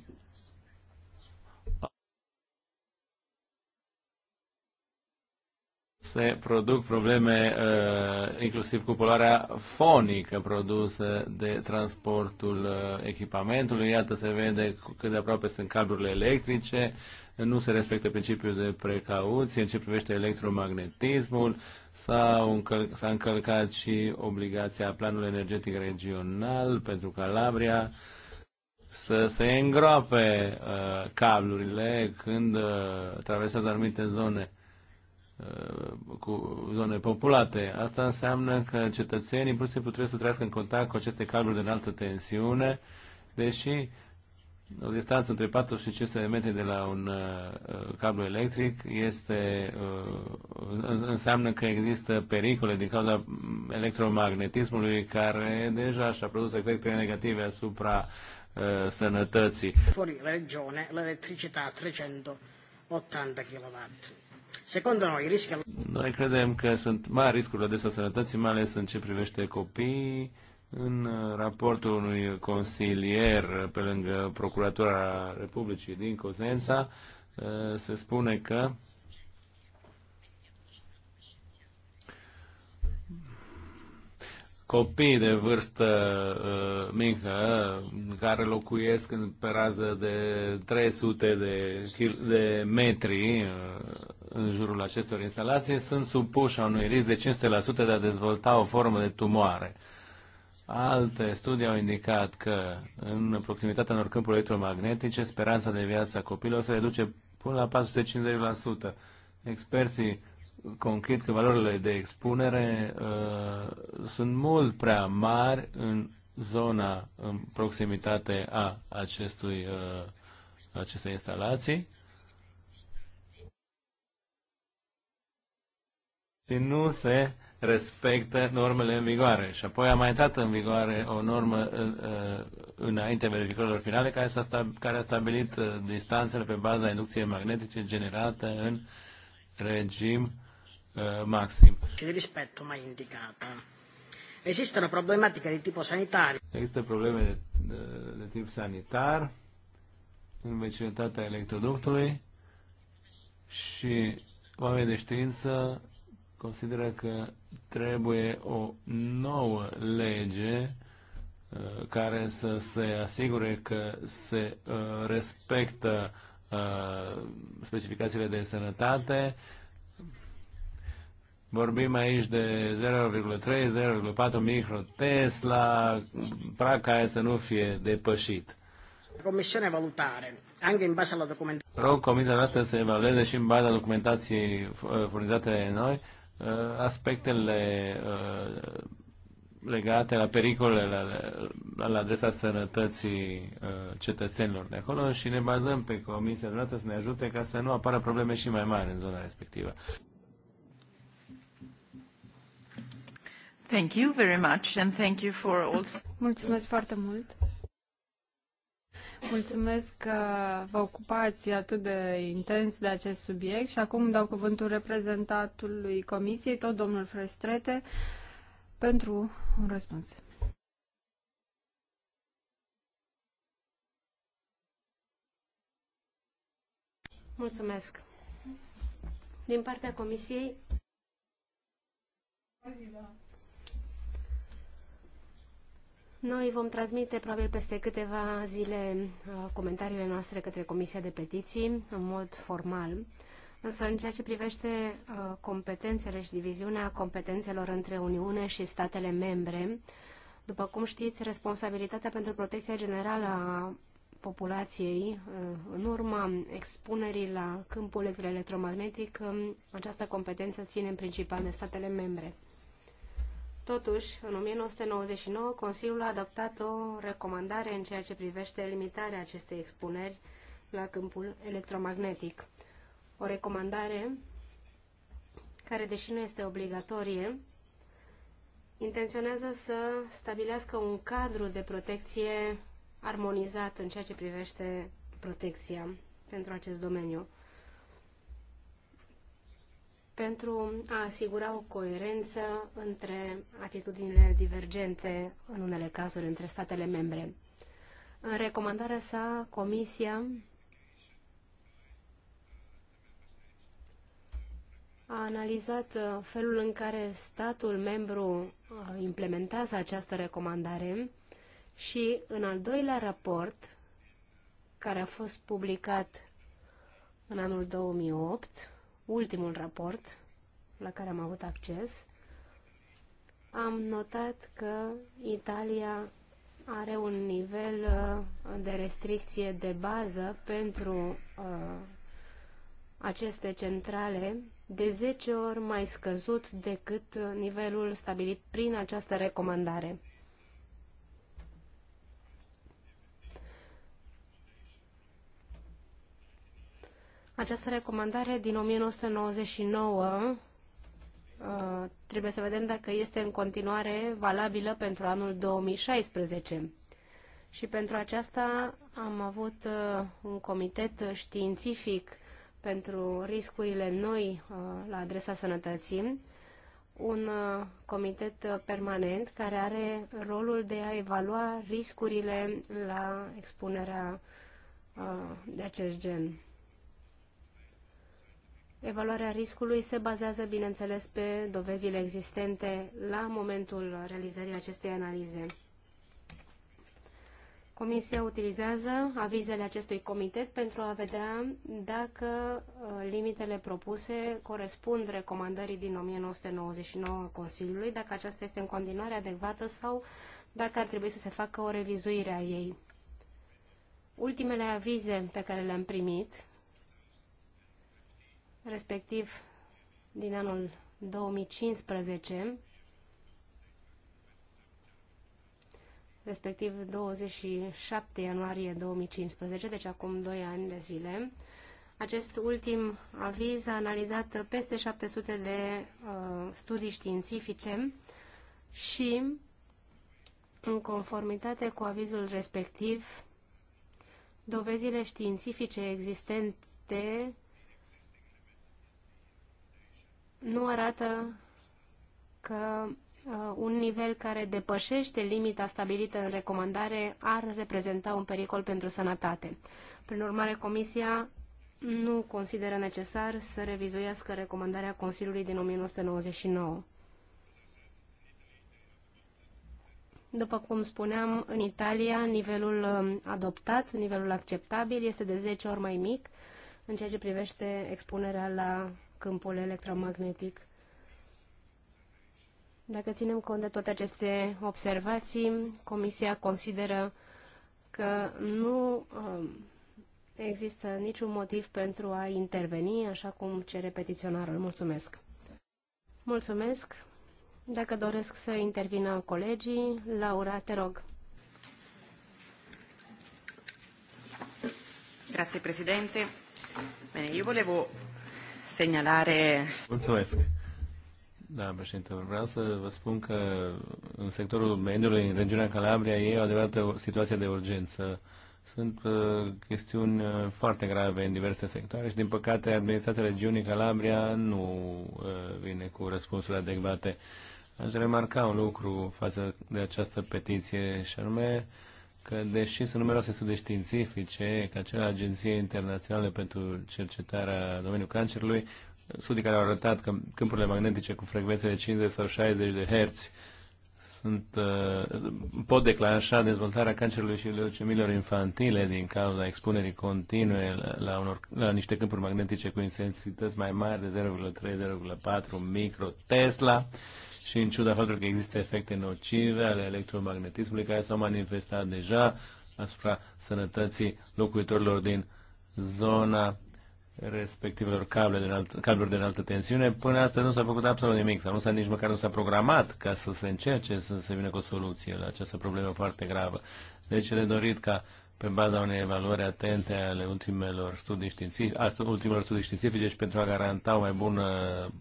se produc probleme uh, inclusiv cu poluarea fonică produsă de transportul uh, echipamentului. Iată, se vede cât de aproape sunt cablurile electrice, nu se respectă principiul de precauție în ce privește electromagnetismul, s-a, încăl- încălcat și obligația planului energetic regional pentru Calabria să se îngroape uh, cablurile când uh, traversează anumite zone. Uh, cu zone populate. Asta înseamnă că cetățenii pur și simplu trebuie să trăiască în contact cu aceste cabluri de înaltă tensiune, deși o distanță între 4 și 500 de metri de la un uh, cablu electric este, uh, înseamnă că există pericole din cauza electromagnetismului care deja și-a produs efecte negative asupra uh, sănătății. Fuori regione l'elettricità 380 kW noi, Noi credem că sunt mari riscurile de sănătății, mai ales în ce privește copiii, în uh, raportul unui consilier pe lângă Procuratura Republicii din Cosența uh, se spune că copii de vârstă uh, mică care locuiesc în pe rază de 300 de, de metri în jurul acestor instalații sunt supuși a unui risc de 500% de a dezvolta o formă de tumoare. Alte studii au indicat că în proximitatea unor câmpuri electromagnetice, speranța de viață a copilor se reduce până la 450%. Experții concret că valorile de expunere uh, sunt mult prea mari în zona, în proximitate a acestui, uh, acestei instalații și nu se respectă normele în vigoare. Și apoi a mai intrat în vigoare o normă uh, uh înainte verificărilor finale care, s-a stab- care a stabilit uh, distanțele pe baza inducției magnetice generate în regim uh, maxim. Și de rispetto mai indicată. Există o problematică de tip sanitar. Există probleme de, de, de tip sanitar în vecinătatea electroductului și oamenii de știință consideră că trebuie o nouă lege uh, care să se asigure că se uh, respectă uh, specificațiile de sănătate. Vorbim aici de 0,3-0,4 microtesla, prag care să nu fie depășit. Comisiunea valutare, anche în baza alla documentazione. Rog Comisia noastră să evalueze și în baza documentației furnizate de noi Uh, aspectele uh, legate la pericolele la, la adresa sănătății uh, cetățenilor de acolo și ne bazăm pe comisia noastră să ne ajute ca să nu apară probleme și mai mari în zona respectivă. Thank you very much and thank you for also... Mulțumesc foarte mult Mulțumesc că vă ocupați atât de intens de acest subiect și acum dau cuvântul reprezentatului Comisiei, tot domnul Frestrete, pentru un răspuns. Mulțumesc. Din partea Comisiei, noi vom transmite probabil peste câteva zile uh, comentariile noastre către Comisia de Petiții în mod formal. Însă în ceea ce privește uh, competențele și diviziunea competențelor între Uniune și statele membre, după cum știți, responsabilitatea pentru protecția generală a populației uh, în urma expunerii la câmpul electromagnetic, um, această competență ține în principal de statele membre. Totuși, în 1999, Consiliul a adoptat o recomandare în ceea ce privește limitarea acestei expuneri la câmpul electromagnetic. O recomandare care, deși nu este obligatorie, intenționează să stabilească un cadru de protecție armonizat în ceea ce privește protecția pentru acest domeniu pentru a asigura o coerență între atitudinile divergente, în unele cazuri, între statele membre. În recomandarea sa, Comisia a analizat uh, felul în care statul membru uh, implementează această recomandare și în al doilea raport, care a fost publicat în anul 2008, ultimul raport la care am avut acces, am notat că Italia are un nivel uh, de restricție de bază pentru uh, aceste centrale de 10 ori mai scăzut decât nivelul stabilit prin această recomandare. Această recomandare din 1999 uh, trebuie să vedem dacă este în continuare valabilă pentru anul 2016. Și pentru aceasta am avut uh, un comitet științific pentru riscurile noi uh, la adresa sănătății, un comitet permanent care are rolul de a evalua riscurile la expunerea de acest gen. Evaluarea riscului se bazează, bineînțeles, pe dovezile existente la momentul realizării acestei analize. Comisia utilizează avizele acestui comitet pentru a vedea dacă uh, limitele propuse corespund recomandării din 1999 a Consiliului, dacă aceasta este în continuare adecvată sau dacă ar trebui să se facă o revizuire a ei. Ultimele avize pe care le-am primit respectiv din anul 2015, respectiv 27 ianuarie 2015, deci acum 2 ani de zile. Acest ultim aviz a analizat peste 700 de uh, studii științifice și, în conformitate cu avizul respectiv, dovezile științifice existente nu arată că uh, un nivel care depășește limita stabilită în recomandare ar reprezenta un pericol pentru sănătate. Prin urmare, Comisia nu consideră necesar să revizuiască recomandarea Consiliului din 1999. După cum spuneam, în Italia nivelul uh, adoptat, nivelul acceptabil este de 10 ori mai mic în ceea ce privește expunerea la câmpul electromagnetic. Dacă ținem cont de toate aceste observații, Comisia consideră că nu um, există niciun motiv pentru a interveni, așa cum cere petiționarul. Mulțumesc! Mulțumesc! Dacă doresc să intervină colegii, Laura, te rog. Grazie Presidente. Bene, io volevo semnalare. Mulțumesc. Da, președinte, vreau să vă spun că în sectorul mediului, în regiunea Calabria, e o adevărată situație de urgență. Sunt uh, chestiuni uh, foarte grave în diverse sectoare și, din păcate, administrația regiunii Calabria nu uh, vine cu răspunsuri adecvate. Aș remarca un lucru față de această petiție și anume uh, că deși sunt numeroase studii științifice, că cel agenție Agenției Internaționale pentru Cercetarea domeniului cancerului, studii care au arătat că câmpurile magnetice cu frecvențe de 50 sau 60 de herți sunt, uh, pot declanșa dezvoltarea cancerului și leucemilor infantile din cauza expunerii continue la, la, unor, la niște câmpuri magnetice cu intensități mai mari de 0,3-0,4 microtesla și în ciuda faptului că există efecte nocive ale electromagnetismului care s-au manifestat deja asupra sănătății locuitorilor din zona respectivelor cable de înaltă, cabluri de înaltă tensiune. Până astăzi nu s-a făcut absolut nimic, sau nu s-a nici măcar nu s-a programat ca să se încerce să se vină cu o soluție la această problemă foarte gravă. Deci e dorit ca pe baza unei evaluări atente ale ultimelor studii științifice, ultimelor studii științifice și pentru a garanta o mai bună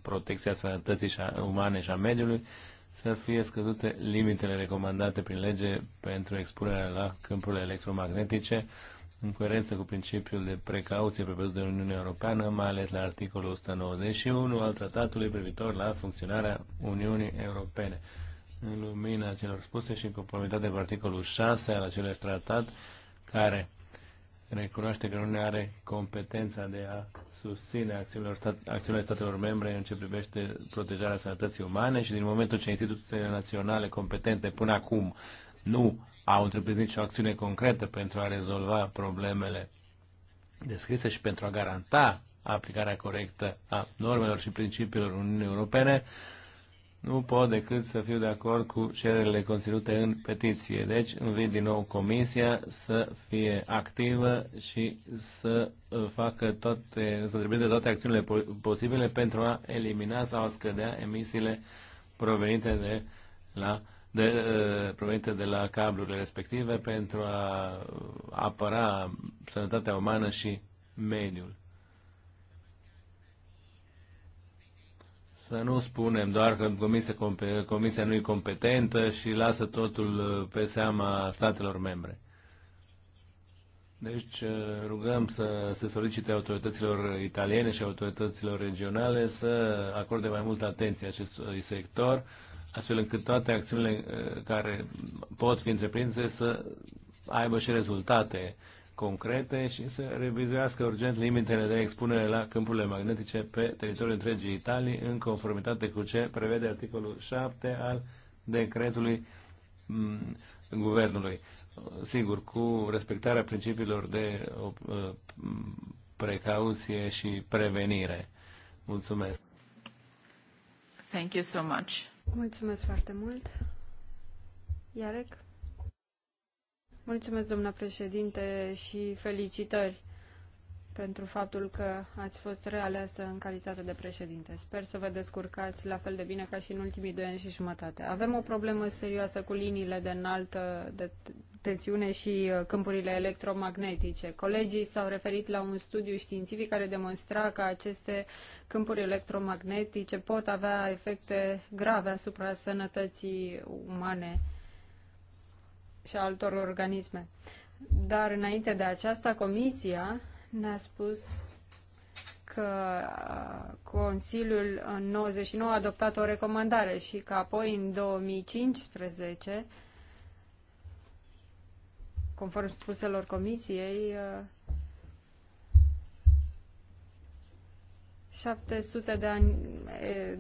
protecție a sănătății și a, umane și a mediului, să fie scăzute limitele recomandate prin lege pentru expunerea la câmpurile electromagnetice, în coerență cu principiul de precauție prevăzut de Uniunea Europeană, mai ales la articolul 191 al tratatului privitor la funcționarea Uniunii Europene. În lumina celor spuse și în conformitate cu articolul 6 al acelui tratat, care recunoaște că ne are competența de a susține acțiunile, stat, statelor membre în ce privește protejarea sănătății umane și din momentul ce instituțiile naționale competente până acum nu au întreprins nicio acțiune concretă pentru a rezolva problemele descrise și pentru a garanta aplicarea corectă a normelor și principiilor Uniunii Europene, nu pot decât să fiu de acord cu cererile conținute în petiție. Deci invit din nou Comisia să fie activă și să uh, facă toate, să trebuie toate acțiunile posibile pentru a elimina sau a scădea emisiile provenite de la de, uh, provenite de la cablurile respective pentru a apăra sănătatea umană și mediul. Să nu spunem doar că comisia, comisia nu e competentă și lasă totul uh, pe seama statelor membre. Deci uh, rugăm să se solicite autorităților italiene și autorităților regionale să acorde mai multă atenție acestui sector, astfel încât toate acțiunile uh, care pot fi întreprinse să aibă și rezultate concrete și să revizuiască urgent limitele de expunere la câmpurile magnetice pe teritoriul întregii Italii, în conformitate cu ce prevede articolul 7 al decretului mm, guvernului. Sigur, cu respectarea principiilor de uh, precauție și prevenire. Mulțumesc! Thank you so much. Mulțumesc foarte mult! Iarec? Mulțumesc, doamna președinte, și felicitări pentru faptul că ați fost realeasă în calitate de președinte. Sper să vă descurcați la fel de bine ca și în ultimii doi ani și jumătate. Avem o problemă serioasă cu liniile de înaltă de tensiune și uh, câmpurile electromagnetice. Colegii s-au referit la un studiu științific care demonstra că aceste câmpuri electromagnetice pot avea efecte grave asupra sănătății umane și altor organisme. Dar înainte de aceasta, Comisia ne-a spus că uh, Consiliul în 99 a adoptat o recomandare și că apoi în 2015, conform spuselor Comisiei, 700 uh, de ani,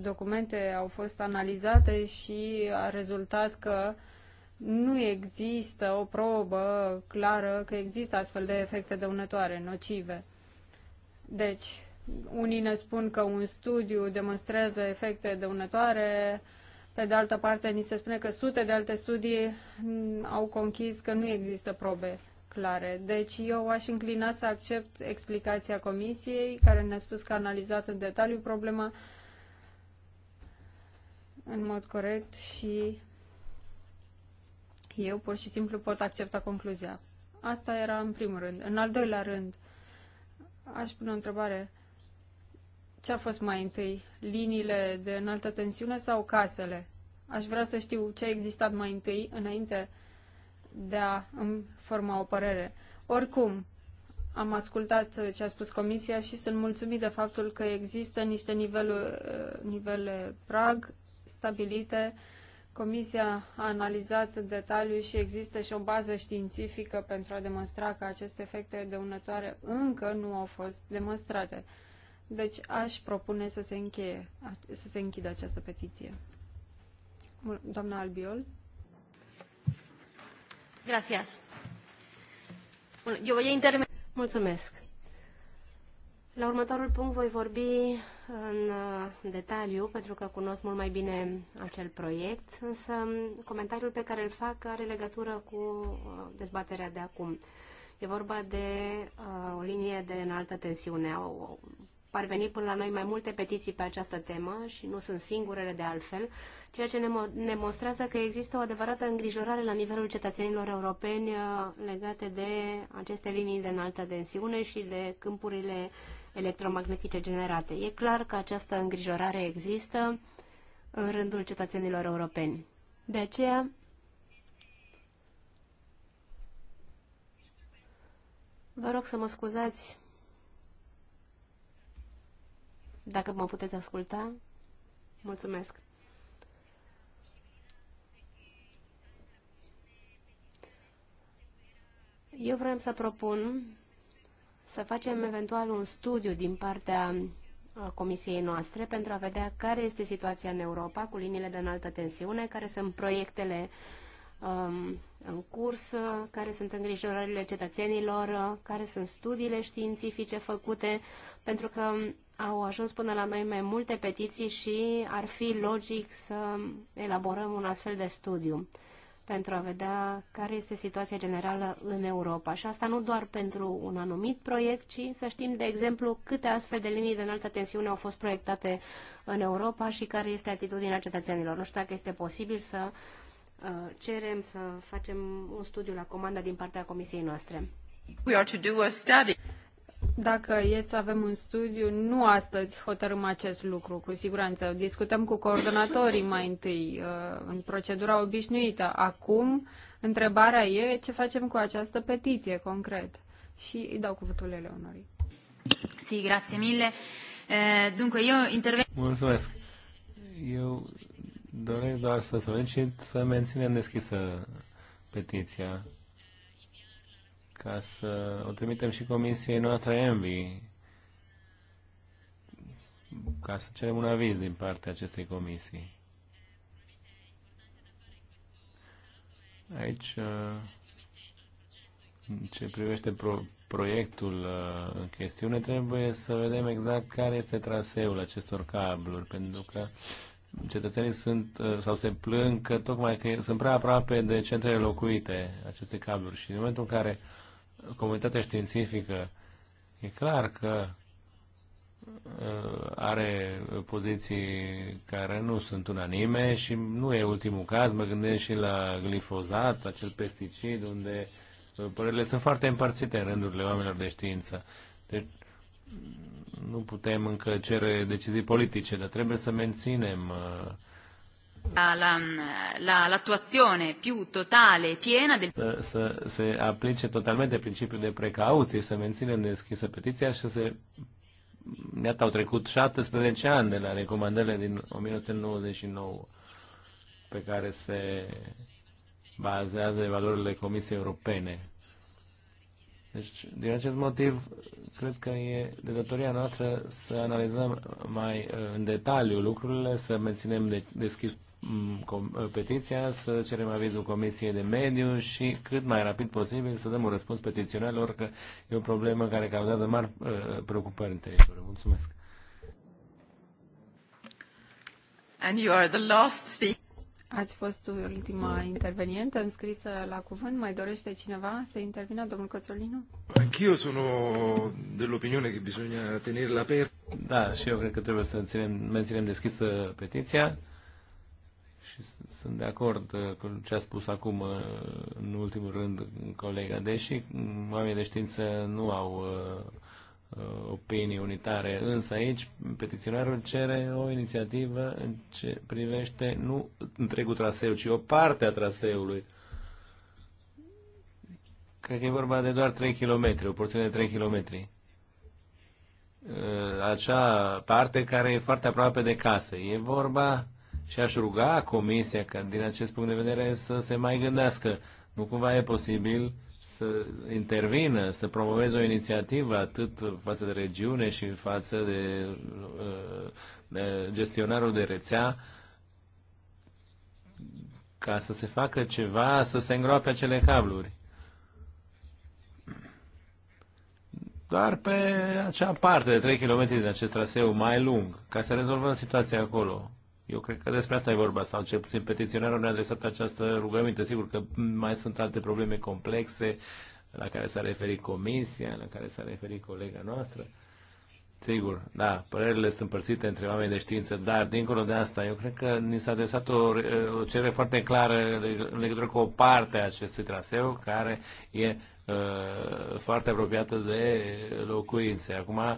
documente au fost analizate și a rezultat că nu există o probă clară că există astfel de efecte dăunătoare, nocive. Deci, unii ne spun că un studiu demonstrează efecte dăunătoare, pe de altă parte ni se spune că sute de alte studii au conchis că nu există probe clare. Deci eu aș înclina să accept explicația comisiei care ne-a spus că a analizat în detaliu problema în mod corect și eu pur și simplu pot accepta concluzia. Asta era în primul rând. În al doilea rând, aș pune o întrebare. Ce a fost mai întâi? Liniile de înaltă tensiune sau casele? Aș vrea să știu ce a existat mai întâi, înainte de a îmi forma o părere. Oricum, am ascultat ce a spus Comisia și sunt mulțumit de faptul că există niște niveluri, eh, nivele prag stabilite uh, Comisia a analizat detaliu și există și o bază științifică pentru a demonstra că aceste efecte dăunătoare încă nu au fost demonstrate. Deci aș propune să se încheie, să se închidă această petiție. Doamna Albiol. Gracias. eu voi intervenir. Mulțumesc. La următorul punct voi vorbi în uh, detaliu, pentru că cunosc mult mai bine acel proiect, însă comentariul pe care îl fac are legătură cu uh, dezbaterea de acum. E vorba de uh, o linie de înaltă tensiune. Au parvenit până la noi mai multe petiții pe această temă și nu sunt singurele de altfel, ceea ce ne demonstrează că există o adevărată îngrijorare la nivelul cetățenilor europeni uh, legate de aceste linii de înaltă tensiune și de câmpurile electromagnetice generate. E clar că această îngrijorare există în rândul cetățenilor europeni. De aceea, vă rog să mă scuzați dacă mă puteți asculta. Mulțumesc. Eu vreau să propun să facem eventual un studiu din partea uh, comisiei noastre pentru a vedea care este situația în Europa cu liniile de înaltă tensiune, care sunt proiectele um, în curs, uh, care sunt îngrijorările cetățenilor, uh, care sunt studiile științifice făcute, pentru că au ajuns până la noi mai multe petiții și ar fi logic să elaborăm un astfel de studiu pentru a vedea care este situația generală în Europa. Și asta nu doar pentru un anumit proiect, ci să știm, de exemplu, câte astfel de linii de înaltă tensiune au fost proiectate în Europa și care este atitudinea cetățenilor. Nu știu dacă este posibil să uh, cerem să facem un studiu la comanda din partea comisiei noastre. We are to do a study. Dacă e să avem un studiu, nu astăzi hotărâm acest lucru, cu siguranță. Discutăm cu coordonatorii mai întâi, uh, în procedura obișnuită. Acum, întrebarea e ce facem cu această petiție concret. Și îi dau cuvântul Eleonorii. Si, grazie mille. Eh, dunque, eu interven... Mulțumesc. Eu doresc doar să solicit să menținem deschisă petiția ca să o trimitem și comisiei noastre ENVI, ca să cerem un aviz din partea acestei comisii. Aici, în ce privește pro proiectul uh, în chestiune, trebuie să vedem exact care este traseul acestor cabluri, pentru că cetățenii sunt uh, sau se plâng că tocmai că sunt prea aproape de centrele locuite aceste cabluri și în momentul în care uh, comunitatea științifică e clar că uh, are poziții care nu sunt unanime și nu e ultimul caz, mă gândesc și la glifozat, acel pesticid unde uh, părerile sunt foarte împărțite în rândurile oamenilor de știință. Deci nu putem încă cere decizii politice, dar trebuie să menținem uh, Mm, l'attuazione la, la, più totale e piena del... Se, se aplice totalmente principiul de precauție, să menținem deschisă petiția și să se... Mm, iată, au trecut 17 ani de la recomandările din 1999 pe care se bazează valorile Comisiei Europene. Deci, din acest motiv, cred că e de datoria noastră să analizăm mai uh, în detaliu lucrurile, să menținem deschis Mm, uh, petiția, să cerem avizul Comisiei de Mediu și cât mai rapid posibil să dăm un răspuns petiționarilor că e o problemă care cauzează mari uh, preocupări în teritoriu. Mulțumesc. And you are the last speaker. Ați fost ultima mm. intervenientă înscrisă la cuvânt. Mai dorește cineva să intervină, domnul Cățolinu? Anch'io sono dell'opinione che bisogna Da, și eu cred că trebuie să ținem, menținem deschisă petiția și sunt de acord uh, cu ce a spus acum, uh, în ultimul rând, colega, deși oamenii de știință nu au uh, opinii unitare, însă aici petiționarul cere o inițiativă în ce privește nu întregul traseu, ci o parte a traseului. Cred că e vorba de doar 3 km, o porțiune de 3 km. Acea parte care e foarte aproape de casă. E vorba și aș ruga Comisia că, din acest punct de vedere, să se mai gândească. Nu cumva e posibil să intervină, să promoveze o inițiativă atât față de regiune și față de, uh, de gestionarul de rețea ca să se facă ceva, să se îngroape acele cabluri. Doar pe acea parte de 3 km din acest traseu mai lung, ca să rezolvăm situația acolo. Eu cred că despre asta e vorba, sau cel puțin petiționarul ne-a adresat această rugăminte. Sigur că mai sunt alte probleme complexe la care s-a referit comisia, la care s-a referit colega noastră. Sigur, da, părerile sunt împărțite între oameni de știință, dar dincolo de asta, eu cred că ni s-a adresat o, o cerere foarte clară în legătură cu o parte a acestui traseu care e uh, foarte apropiată de locuințe. Acum, uh,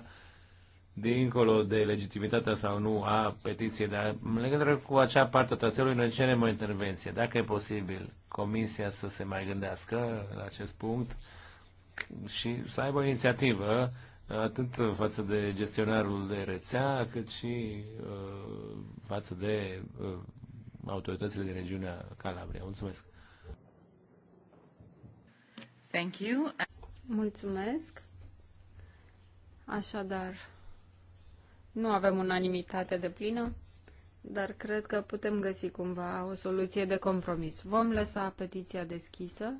dincolo de legitimitatea sau nu a petiției, dar în legătură cu acea parte a traseului, noi cerem o intervenție. Dacă e posibil, Comisia să se mai gândească la acest punct și să aibă o inițiativă atât față de gestionarul de rețea, cât și uh, față de uh, autoritățile din regiunea Calabria. Mulțumesc! Thank you. Mulțumesc! Așadar, nu avem unanimitate de plină, dar cred că putem găsi cumva o soluție de compromis. Vom lăsa petiția deschisă.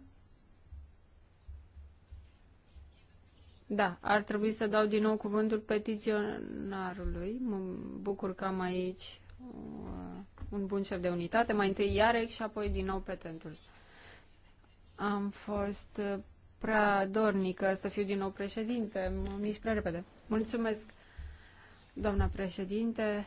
Da, ar trebui să dau din nou cuvântul petiționarului. Mă bucur că am aici uh, un bun șef de unitate. Mai întâi Iarec și apoi din nou petentul. Am fost uh, prea dornică să fiu din nou președinte. Mă mișc prea repede. Mulțumesc. Doamna președinte,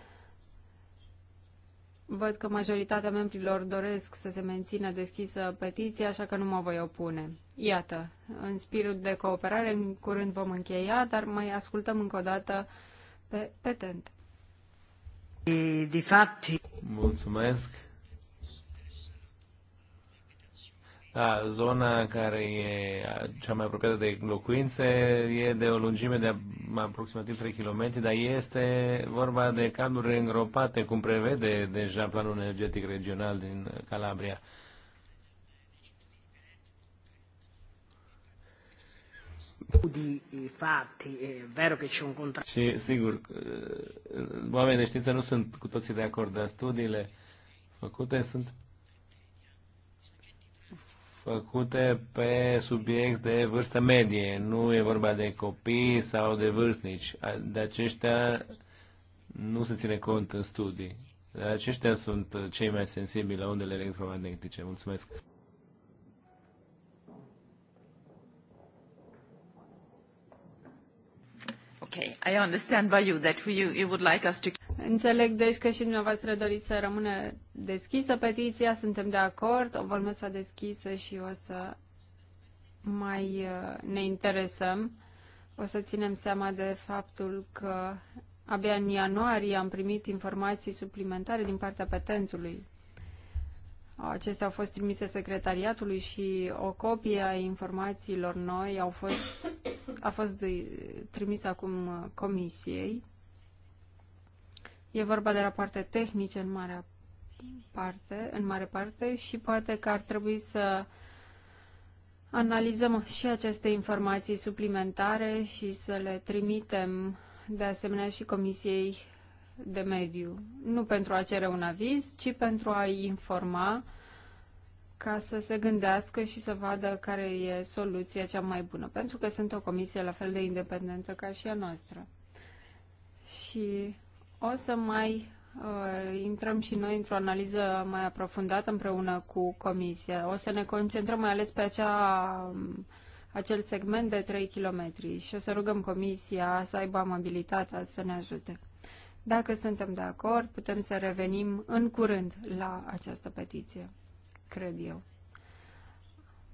văd că majoritatea membrilor doresc să se mențină deschisă petiția, așa că nu mă voi opune. Iată, în spirit de cooperare, în curând vom încheia, dar mai ascultăm încă o dată pe petent. Mulțumesc. Da, zona care e cea mai apropiată de locuințe e de o lungime de aproximativ 3 km, dar este vorba de cabluri îngropate, cum prevede deja planul energetic regional din Calabria. studi fatti, è vero che c'è un contratto. Și sigur, oamenii de știință nu sunt cu toții de acord, dar studiile făcute sunt făcute pe subiect de vârstă medie. Nu e vorba de copii sau de vârstnici. De aceștia nu se ține cont în studii. De aceștia sunt cei mai sensibili la undele electromagnetice. Mulțumesc! Okay, I understand by you that you, you would like us to... Înțeleg deci că și dumneavoastră doriți să rămână deschisă petiția, suntem de acord, o vom lăsa deschisă și o să mai uh, ne interesăm. O să ținem seama de faptul că abia în ianuarie am primit informații suplimentare din partea petentului. Acestea au fost trimise secretariatului și o copie a informațiilor noi au fost, a fost trimisă acum uh, comisiei. E vorba de rapoarte tehnice în mare parte, în mare parte și poate că ar trebui să analizăm și aceste informații suplimentare și să le trimitem de asemenea și Comisiei de Mediu. Nu pentru a cere un aviz, ci pentru a-i informa ca să se gândească și să vadă care e soluția cea mai bună, pentru că sunt o comisie la fel de independentă ca și a noastră. Și o să mai uh, intrăm și noi într-o analiză mai aprofundată împreună cu Comisia. O să ne concentrăm mai ales pe acea, acel segment de 3 km și o să rugăm Comisia să aibă amabilitatea să ne ajute. Dacă suntem de acord, putem să revenim în curând la această petiție, cred eu.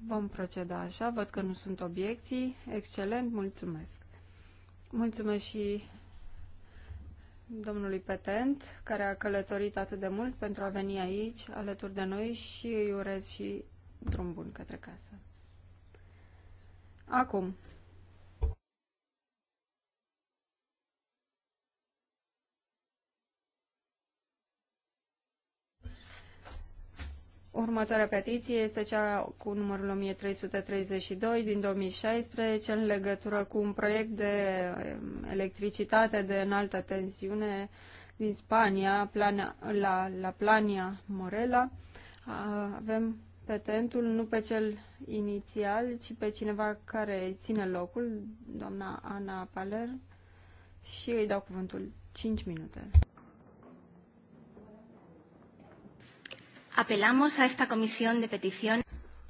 Vom proceda așa, văd că nu sunt obiecții. Excelent, mulțumesc. Mulțumesc și domnului Petent, care a călătorit atât de mult pentru a veni aici, alături de noi, și îi urez și drum bun către casă. Acum, Următoarea petiție este cea cu numărul 1332 din 2016 în legătură cu un proiect de um, electricitate de înaltă tensiune din Spania, Plana, la, la Plania Morela. Avem petentul nu pe cel inițial, ci pe cineva care ține locul, doamna Ana Paler, și îi dau cuvântul 5 minute. Apelamos a esta comisión de petición.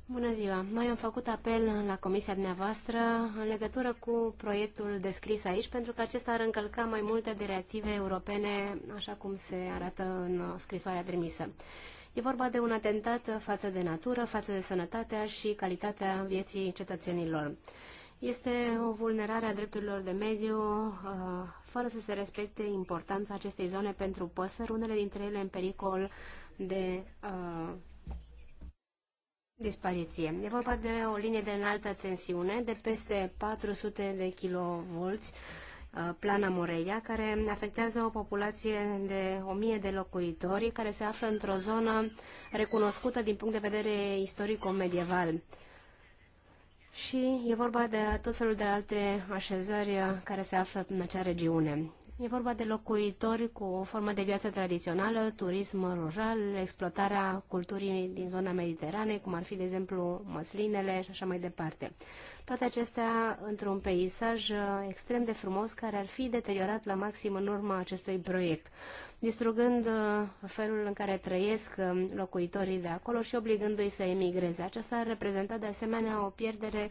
Bună ziua! Noi am făcut apel la comisia dumneavoastră în legătură cu proiectul descris aici, pentru că acesta ar încălca mai multe directive europene, așa cum se arată în scrisoarea trimisă. E vorba de un atentat față de natură, față de sănătatea și calitatea vieții cetățenilor. Este o vulnerare a drepturilor de mediu, uh, fără să se respecte importanța acestei zone pentru păsări, unele dintre ele în pericol de uh, dispariție. E vorba de o linie de înaltă tensiune de peste 400 de kV, uh, plana Moreia, care afectează o populație de 1000 de locuitori care se află într-o zonă recunoscută din punct de vedere istorico-medieval și e vorba de tot felul de alte așezări care se află în acea regiune. E vorba de locuitori cu o formă de viață tradițională, turism rural, exploatarea culturii din zona mediteranei, cum ar fi, de exemplu, măslinele și așa mai departe. Toate acestea într-un peisaj uh, extrem de frumos care ar fi deteriorat la maxim în urma acestui proiect, distrugând uh, felul în care trăiesc uh, locuitorii de acolo și obligându-i să emigreze. Aceasta ar reprezenta de asemenea o pierdere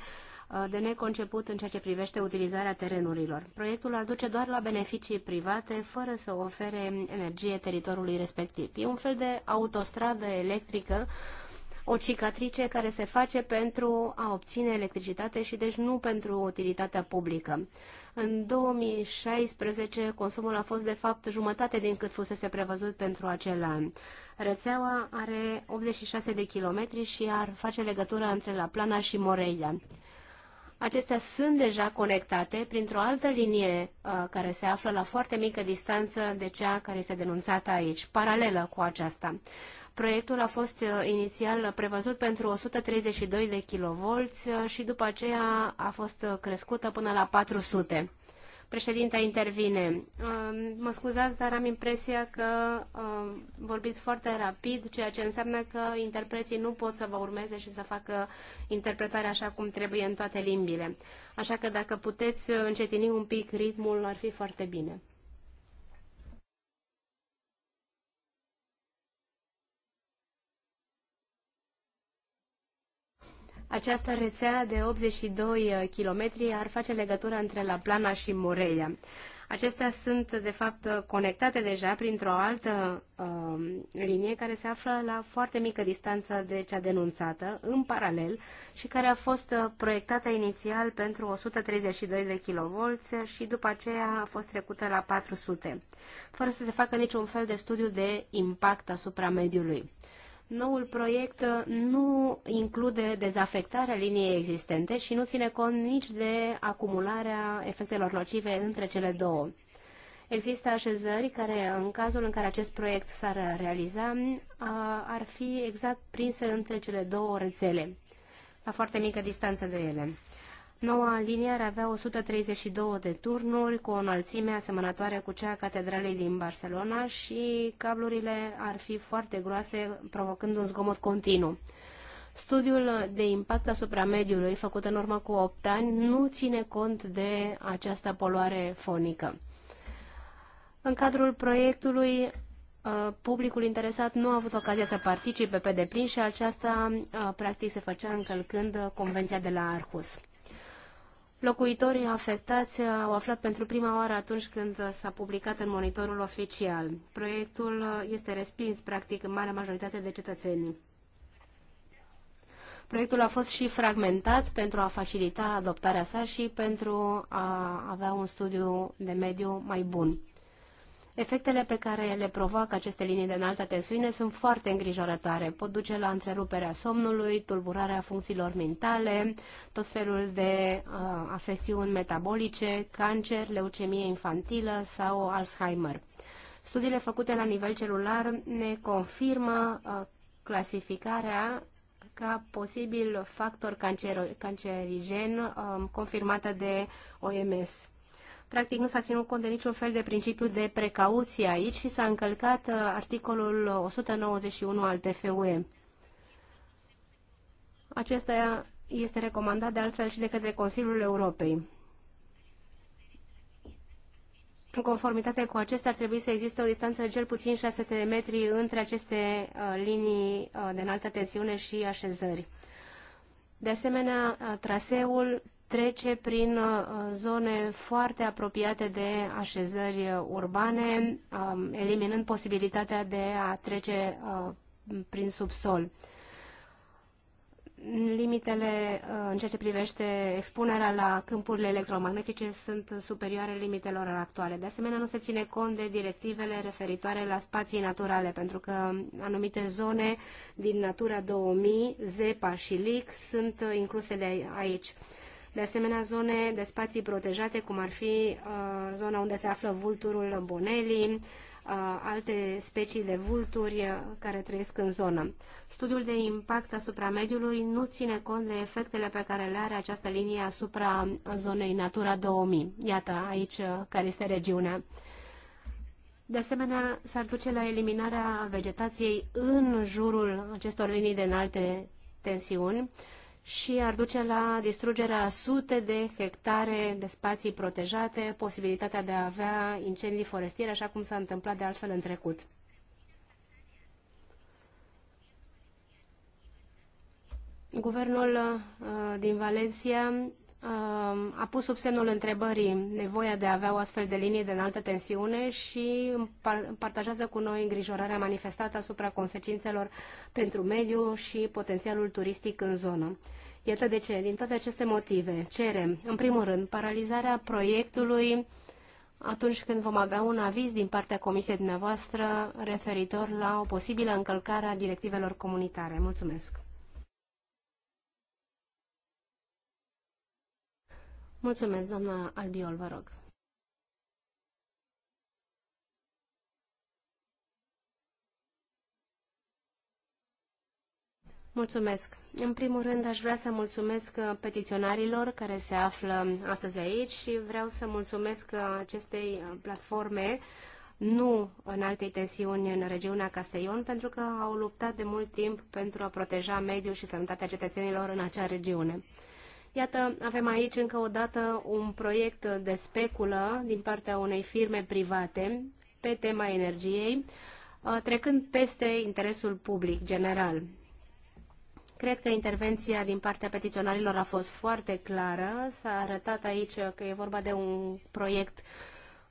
de neconceput în ceea ce privește utilizarea terenurilor. Proiectul ar duce doar la beneficii private, fără să ofere energie teritoriului respectiv. E un fel de autostradă electrică o cicatrice care se face pentru a obține electricitate și deci nu pentru utilitatea publică. În 2016 consumul a fost de fapt jumătate din cât fusese prevăzut pentru acel an. Rețeaua are 86 de kilometri și ar face legătura între La Plana și Morelia. Acestea sunt deja conectate printr-o altă linie uh, care se află la foarte mică distanță de cea care este denunțată aici, paralelă cu aceasta. Proiectul a fost uh, inițial prevăzut pentru 132 de kV uh, și după aceea a fost uh, crescută până la 400. Președinta intervine. Um, mă scuzați, dar am impresia că um, vorbiți foarte rapid, ceea ce înseamnă că interpreții nu pot să vă urmeze și să facă interpretarea așa cum trebuie în toate limbile. Așa că dacă puteți încetini un pic ritmul, ar fi foarte bine. Această rețea de 82 uh, km ar face legătura între La Plana și Morelia. Acestea sunt, de fapt, uh, conectate deja printr-o altă uh, linie care se află la foarte mică distanță de cea denunțată, în paralel, și care a fost uh, proiectată inițial pentru 132 de kV și după aceea a fost trecută la 400, fără să se facă niciun fel de studiu de impact asupra mediului. Noul proiect uh, nu include dezafectarea liniei existente și nu ține cont nici de acumularea efectelor nocive între cele două. Există așezări care, în cazul în care acest proiect s-ar realiza, ar fi exact prinse între cele două rețele, la foarte mică distanță de ele. Noua aliniere avea 132 de turnuri cu o înălțime asemănătoare cu cea a catedralei din Barcelona și cablurile ar fi foarte groase, provocând un zgomot continuu. Studiul de impact asupra mediului, făcut în urmă cu 8 ani, nu ține cont de această poluare fonică. În cadrul proiectului, uh, publicul interesat nu a avut ocazia să participe pe deplin și aceasta uh, practic se făcea încălcând Convenția de la Arhus. Locuitorii afectați au aflat pentru prima oară atunci când s-a publicat în monitorul oficial. Proiectul este respins, practic, în marea majoritate de cetățenii. Proiectul a fost și fragmentat pentru a facilita adoptarea sa și pentru a avea un studiu de mediu mai bun. Efectele pe care le provoacă aceste linii de înaltă tensiune sunt foarte îngrijorătoare. Pot duce la întreruperea somnului, tulburarea funcțiilor mentale, tot felul de uh, afecțiuni metabolice, cancer, leucemie infantilă sau Alzheimer. Studiile făcute la nivel celular ne confirmă uh, clasificarea ca posibil factor cancero- cancerigen uh, confirmată de OMS. Practic nu s-a ținut cont de niciun fel de principiu de precauție aici și s-a încălcat uh, articolul 191 al TFUE. Acesta este recomandat de altfel și de către Consiliul Europei. În conformitate cu acestea, ar trebui să existe o distanță de cel puțin 600 de metri între aceste uh, linii uh, de înaltă tensiune și așezări. De asemenea, traseul trece prin uh, zone foarte apropiate de așezări urbane, um, eliminând posibilitatea de a trece uh, prin subsol limitele uh, în ceea ce privește expunerea la câmpurile electromagnetice sunt superioare limitelor actuale. De asemenea, nu se ține cont de directivele referitoare la spații naturale, pentru că anumite zone din Natura 2000, ZEPA și LIC sunt incluse de aici de asemenea zone de spații protejate, cum ar fi uh, zona unde se află vulturul uh, alte specii de vulturi uh, care trăiesc în zonă. Studiul de impact asupra mediului nu ține cont de efectele pe care le are această linie asupra zonei Natura 2000. Iată aici uh, care este regiunea. De asemenea, s-ar duce la eliminarea vegetației în jurul acestor linii de înalte tensiuni și ar duce la distrugerea sute de hectare de spații protejate, posibilitatea de a avea incendii forestiere, așa cum s-a întâmplat de altfel în trecut. Guvernul uh, din Valencia Um, a pus sub semnul întrebării nevoia de a avea o astfel de linie de înaltă tensiune și partajează cu noi îngrijorarea manifestată asupra consecințelor pentru mediu și potențialul turistic în zonă. Iată de ce, din toate aceste motive, cerem, în primul rând, paralizarea proiectului atunci când vom avea un aviz din partea comisiei dumneavoastră referitor la o posibilă încălcare a directivelor comunitare. Mulțumesc! Mulțumesc, doamna Albiol, vă rog. Mulțumesc. În primul rând, aș vrea să mulțumesc uh, petiționarilor care se află astăzi aici și vreau să mulțumesc uh, acestei uh, platforme, nu în alte tensiuni în regiunea Castellon, pentru că au luptat de mult timp pentru a proteja mediul și sănătatea cetățenilor în acea regiune. Iată, avem aici încă o dată un proiect de speculă din partea unei firme private pe tema energiei, trecând peste interesul public general. Cred că intervenția din partea petiționarilor a fost foarte clară. S-a arătat aici că e vorba de un proiect uh,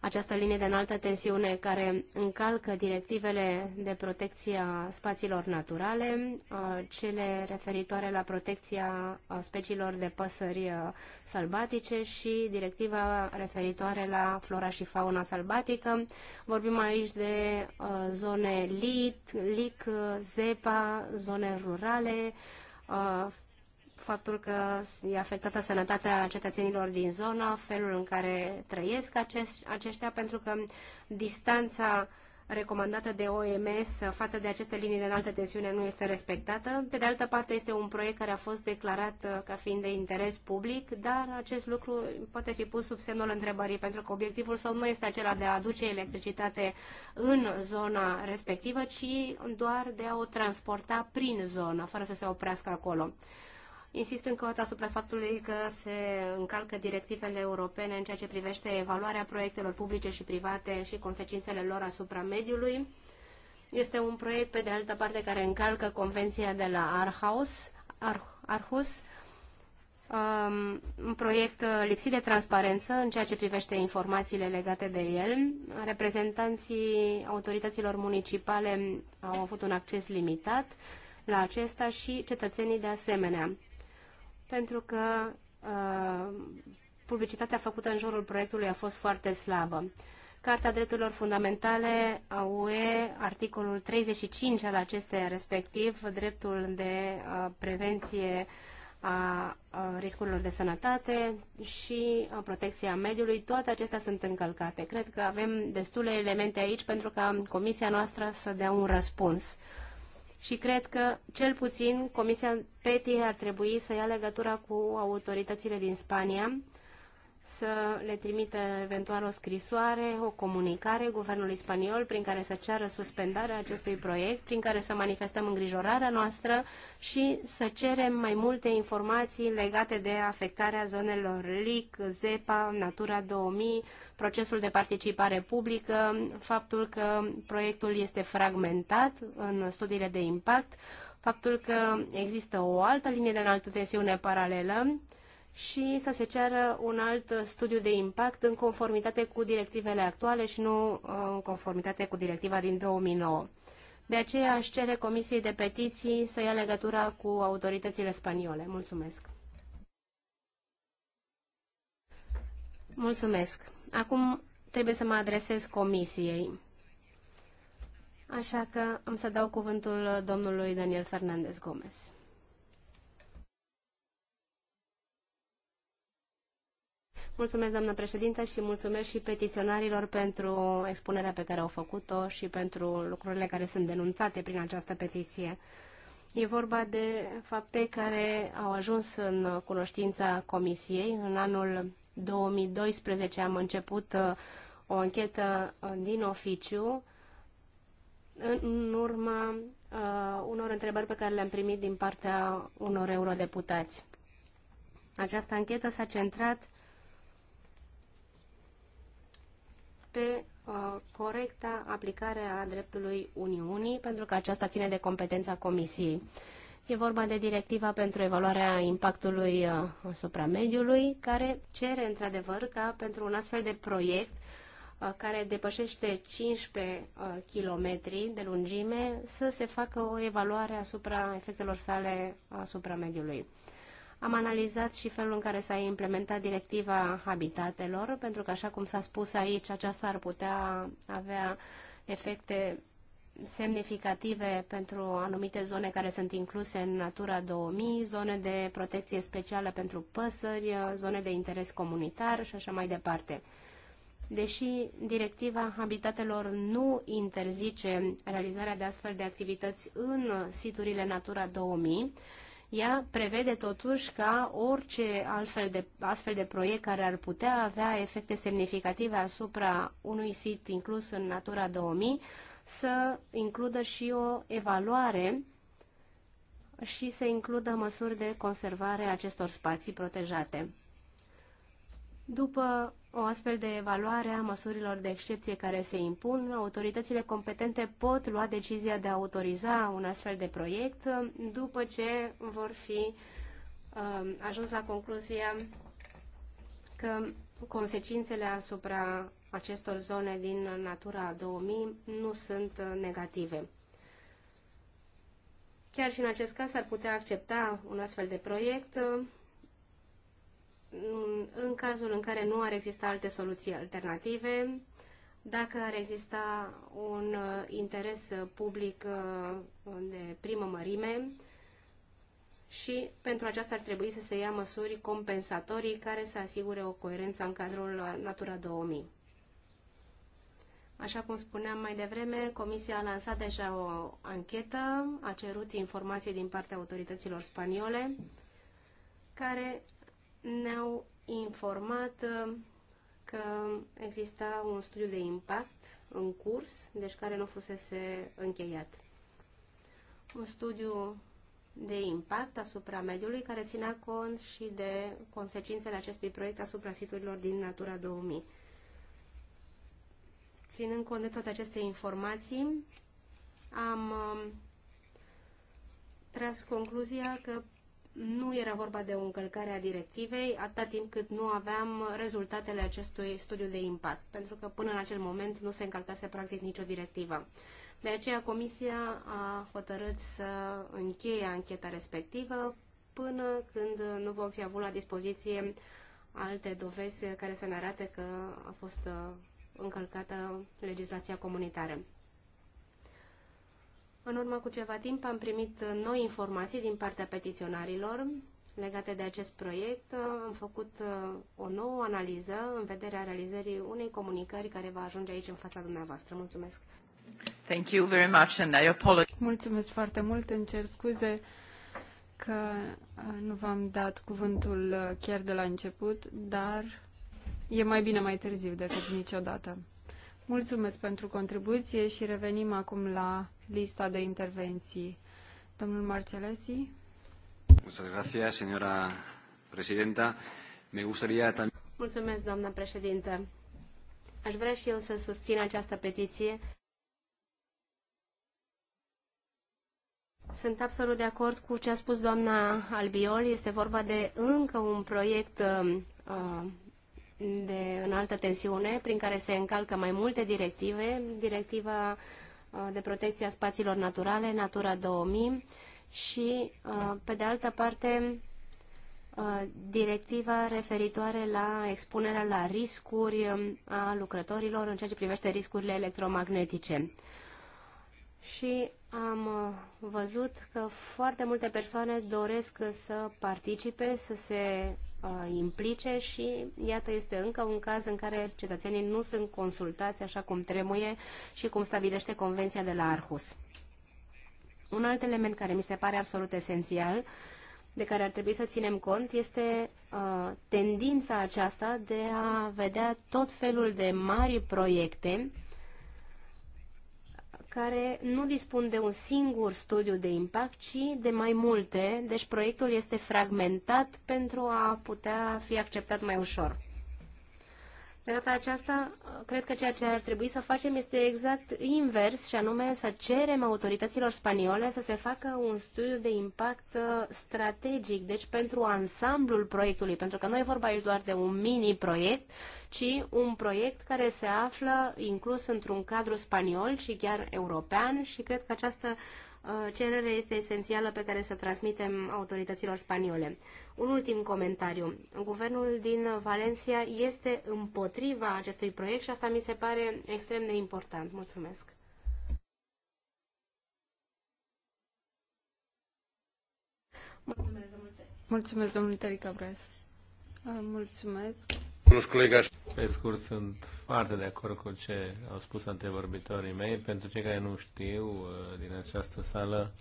această linie de înaltă tensiune care încalcă directivele de protecție a spațiilor naturale, uh, cele referitoare la protecția uh, speciilor de păsări uh, sălbatice și directiva referitoare la flora și fauna sălbatică. Vorbim aici de zone LIT, LIC, ZEPA, zone rurale, faptul că e afectată sănătatea cetățenilor din zonă, felul în care trăiesc acest, aceștia, pentru că distanța recomandată de OMS față de aceste linii de înaltă tensiune nu este respectată. Pe de altă parte, este un proiect care a fost declarat uh, ca fiind de interes public, dar acest lucru poate fi pus sub semnul întrebării, pentru că obiectivul său nu este acela de a aduce electricitate în zona respectivă, ci doar de a o transporta prin zonă, fără să se oprească acolo. Insist încă o dată asupra faptului că se încalcă directivele europene în ceea ce privește evaluarea proiectelor publice și private și consecințele lor asupra mediului. Este un proiect, pe de altă parte, care încalcă Convenția de la Arhaus, Ar, Arhus, um, un proiect uh, lipsit de transparență în ceea ce privește informațiile legate de el. Reprezentanții autorităților municipale au avut un acces limitat la acesta și cetățenii de asemenea pentru că uh, publicitatea făcută în jurul proiectului a fost foarte slabă. Carta Drepturilor Fundamentale a UE, articolul 35 al acestei respectiv, dreptul de uh, prevenție a riscurilor de sănătate și a uh, protecția mediului, toate acestea sunt încălcate. Cred că avem destule elemente aici pentru ca comisia noastră să dea un răspuns și cred că, cel puțin, Comisia PETI ar trebui să ia legătura cu autoritățile din Spania să le trimită eventual o scrisoare, o comunicare guvernului spaniol prin care să ceară suspendarea acestui proiect, prin care să manifestăm îngrijorarea noastră și să cerem mai multe informații legate de afectarea zonelor LIC, ZEPA, Natura 2000, procesul de participare publică, faptul că proiectul este fragmentat în studiile de impact, faptul că există o altă linie de înaltă tensiune paralelă, și să se ceară un alt studiu de impact în conformitate cu directivele actuale și nu uh, în conformitate cu directiva din 2009. De aceea aș cere Comisiei de Petiții să ia legătura cu autoritățile spaniole. Mulțumesc! Mulțumesc! Acum trebuie să mă adresez Comisiei. Așa că am să dau cuvântul domnului Daniel Fernandez Gomez. Mulțumesc, doamnă președintă, și mulțumesc și petiționarilor pentru expunerea pe care au făcut-o și pentru lucrurile care sunt denunțate prin această petiție. E vorba de fapte care au ajuns în cunoștința Comisiei. În anul 2012 am început uh, o anchetă uh, din oficiu în urma uh, unor întrebări pe care le-am primit din partea unor eurodeputați. Această anchetă s-a centrat pe uh, corecta aplicare a dreptului Uniunii, pentru că aceasta ține de competența Comisiei. E vorba de directiva pentru evaluarea impactului uh, asupra mediului, care cere într-adevăr ca pentru un astfel de proiect uh, care depășește 15 uh, km de lungime, să se facă o evaluare asupra efectelor sale asupra mediului. Am analizat și felul în care s-a implementat directiva habitatelor, pentru că, așa cum s-a spus aici, aceasta ar putea avea efecte semnificative pentru anumite zone care sunt incluse în Natura 2000, zone de protecție specială pentru păsări, zone de interes comunitar și așa mai departe. Deși directiva habitatelor nu interzice realizarea de astfel de activități în siturile Natura 2000, ea prevede totuși ca orice altfel de, astfel de proiect care ar putea avea efecte semnificative asupra unui sit inclus în Natura 2000 să includă și o evaluare și să includă măsuri de conservare a acestor spații protejate. După o astfel de evaluare a măsurilor de excepție care se impun, autoritățile competente pot lua decizia de a autoriza un astfel de proiect după ce vor fi uh, ajuns la concluzia că consecințele asupra acestor zone din Natura 2000 nu sunt negative. Chiar și în acest caz ar putea accepta un astfel de proiect în cazul în care nu ar exista alte soluții alternative, dacă ar exista un uh, interes uh, public uh, de primă mărime și pentru aceasta ar trebui să se ia măsuri compensatorii care să asigure o coerență în cadrul Natura 2000. Așa cum spuneam mai devreme, Comisia a lansat deja o anchetă, a cerut informații din partea autorităților spaniole, care ne-au informat uh, că exista un studiu de impact în curs, deci care nu fusese încheiat. Un studiu de impact asupra mediului care ținea cont și de consecințele acestui proiect asupra siturilor din Natura 2000. Ținând cont de toate aceste informații, am uh, tras concluzia că nu era vorba de o încălcare a directivei atâta timp cât nu aveam rezultatele acestui studiu de impact, pentru că până în acel moment nu se încălcase practic nicio directivă. De aceea Comisia a hotărât să încheie ancheta respectivă până când nu vom fi avut la dispoziție alte dovezi care să ne arate că a fost uh, încălcată legislația comunitară. În urmă cu ceva timp am primit uh, noi informații din partea petiționarilor legate de acest proiect. Uh, am făcut uh, o nouă analiză în vederea realizării unei comunicări care va ajunge aici în fața dumneavoastră. Mulțumesc! Thank you very much and I apologize. Mulțumesc foarte mult, îmi cer scuze că nu v-am dat cuvântul chiar de la început, dar e mai bine mai târziu decât niciodată. Mulțumesc pentru contribuție și revenim acum la lista de intervenții. Domnul Marcelesi. Muchas gracias, señora presidenta. Me gustaría también... Mulțumesc, doamna președinte. Aș vrea și eu să susțin această petiție. Sunt absolut de acord cu ce a spus doamna Albiol. Este vorba de încă un proiect uh, uh de înaltă tensiune, prin care se încalcă mai multe directive, directiva uh, de protecție a spațiilor naturale, Natura 2000, și, uh, pe de altă parte, uh, directiva referitoare la expunerea la riscuri um, a lucrătorilor în ceea ce privește riscurile electromagnetice. Și am văzut că foarte multe persoane doresc să participe, să se Uh, implice și iată este încă un caz în care cetățenii nu sunt consultați așa cum trebuie și cum stabilește convenția de la Arhus. Un alt element care mi se pare absolut esențial de care ar trebui să ținem cont este uh, tendința aceasta de a vedea tot felul de mari proiecte care nu dispun de un singur studiu de impact, ci de mai multe, deci proiectul este fragmentat pentru a putea fi acceptat mai ușor. De data aceasta, cred că ceea ce ar trebui să facem este exact invers, și anume să cerem autorităților spaniole să se facă un studiu de impact uh, strategic, deci pentru ansamblul proiectului, pentru că nu e vorba aici doar de un mini-proiect, ci un proiect care se află inclus într-un cadru spaniol și chiar european și cred că această Uh, cerere este esențială pe care să transmitem autorităților spaniole. Un ultim comentariu. Guvernul din Valencia este împotriva acestui proiect și asta mi se pare extrem de important. Mulțumesc! Mulțumesc, domnul Terica Mulțumesc. Uh, pe scurt, sunt foarte de acord cu ce au spus antevorbitorii mei. Pentru cei care nu știu uh, din această sală,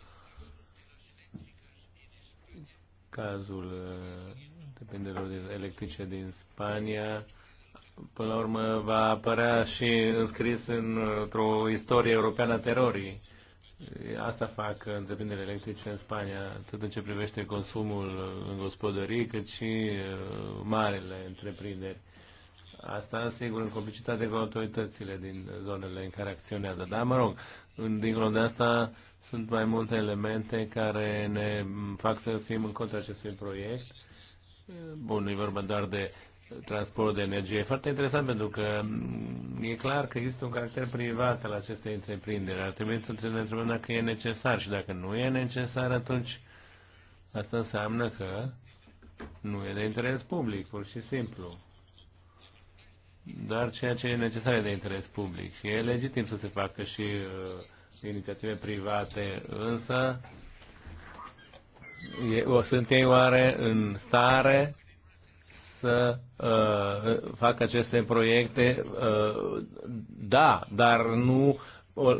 cazul uh, depinderilor electrice din Spania, până la urmă va apărea și înscris uh, într-o istorie europeană a terorii. Asta fac întreprinderile electrice în Spania, atât în ce privește consumul în gospodării, cât și uh, marele întreprinderi. Asta, sigur, în complicitate cu autoritățile din zonele în care acționează. Dar, mă rog, dincolo de asta, sunt mai multe elemente care ne fac să fim în contra acestui proiect. Bun, nu e vorba doar de transport de energie. E foarte interesant pentru că mm, e clar că există un caracter privat al acestei întreprinderi. Ar trebui să ne întrebăm dacă e necesar și dacă nu e necesar, atunci asta înseamnă că nu e de interes public, pur și simplu. Doar ceea ce e necesar e de interes public. e legitim să se facă și uh, inițiative private, însă e, o, sunt ei oare în stare să uh, facă aceste proiecte, uh, da, dar nu,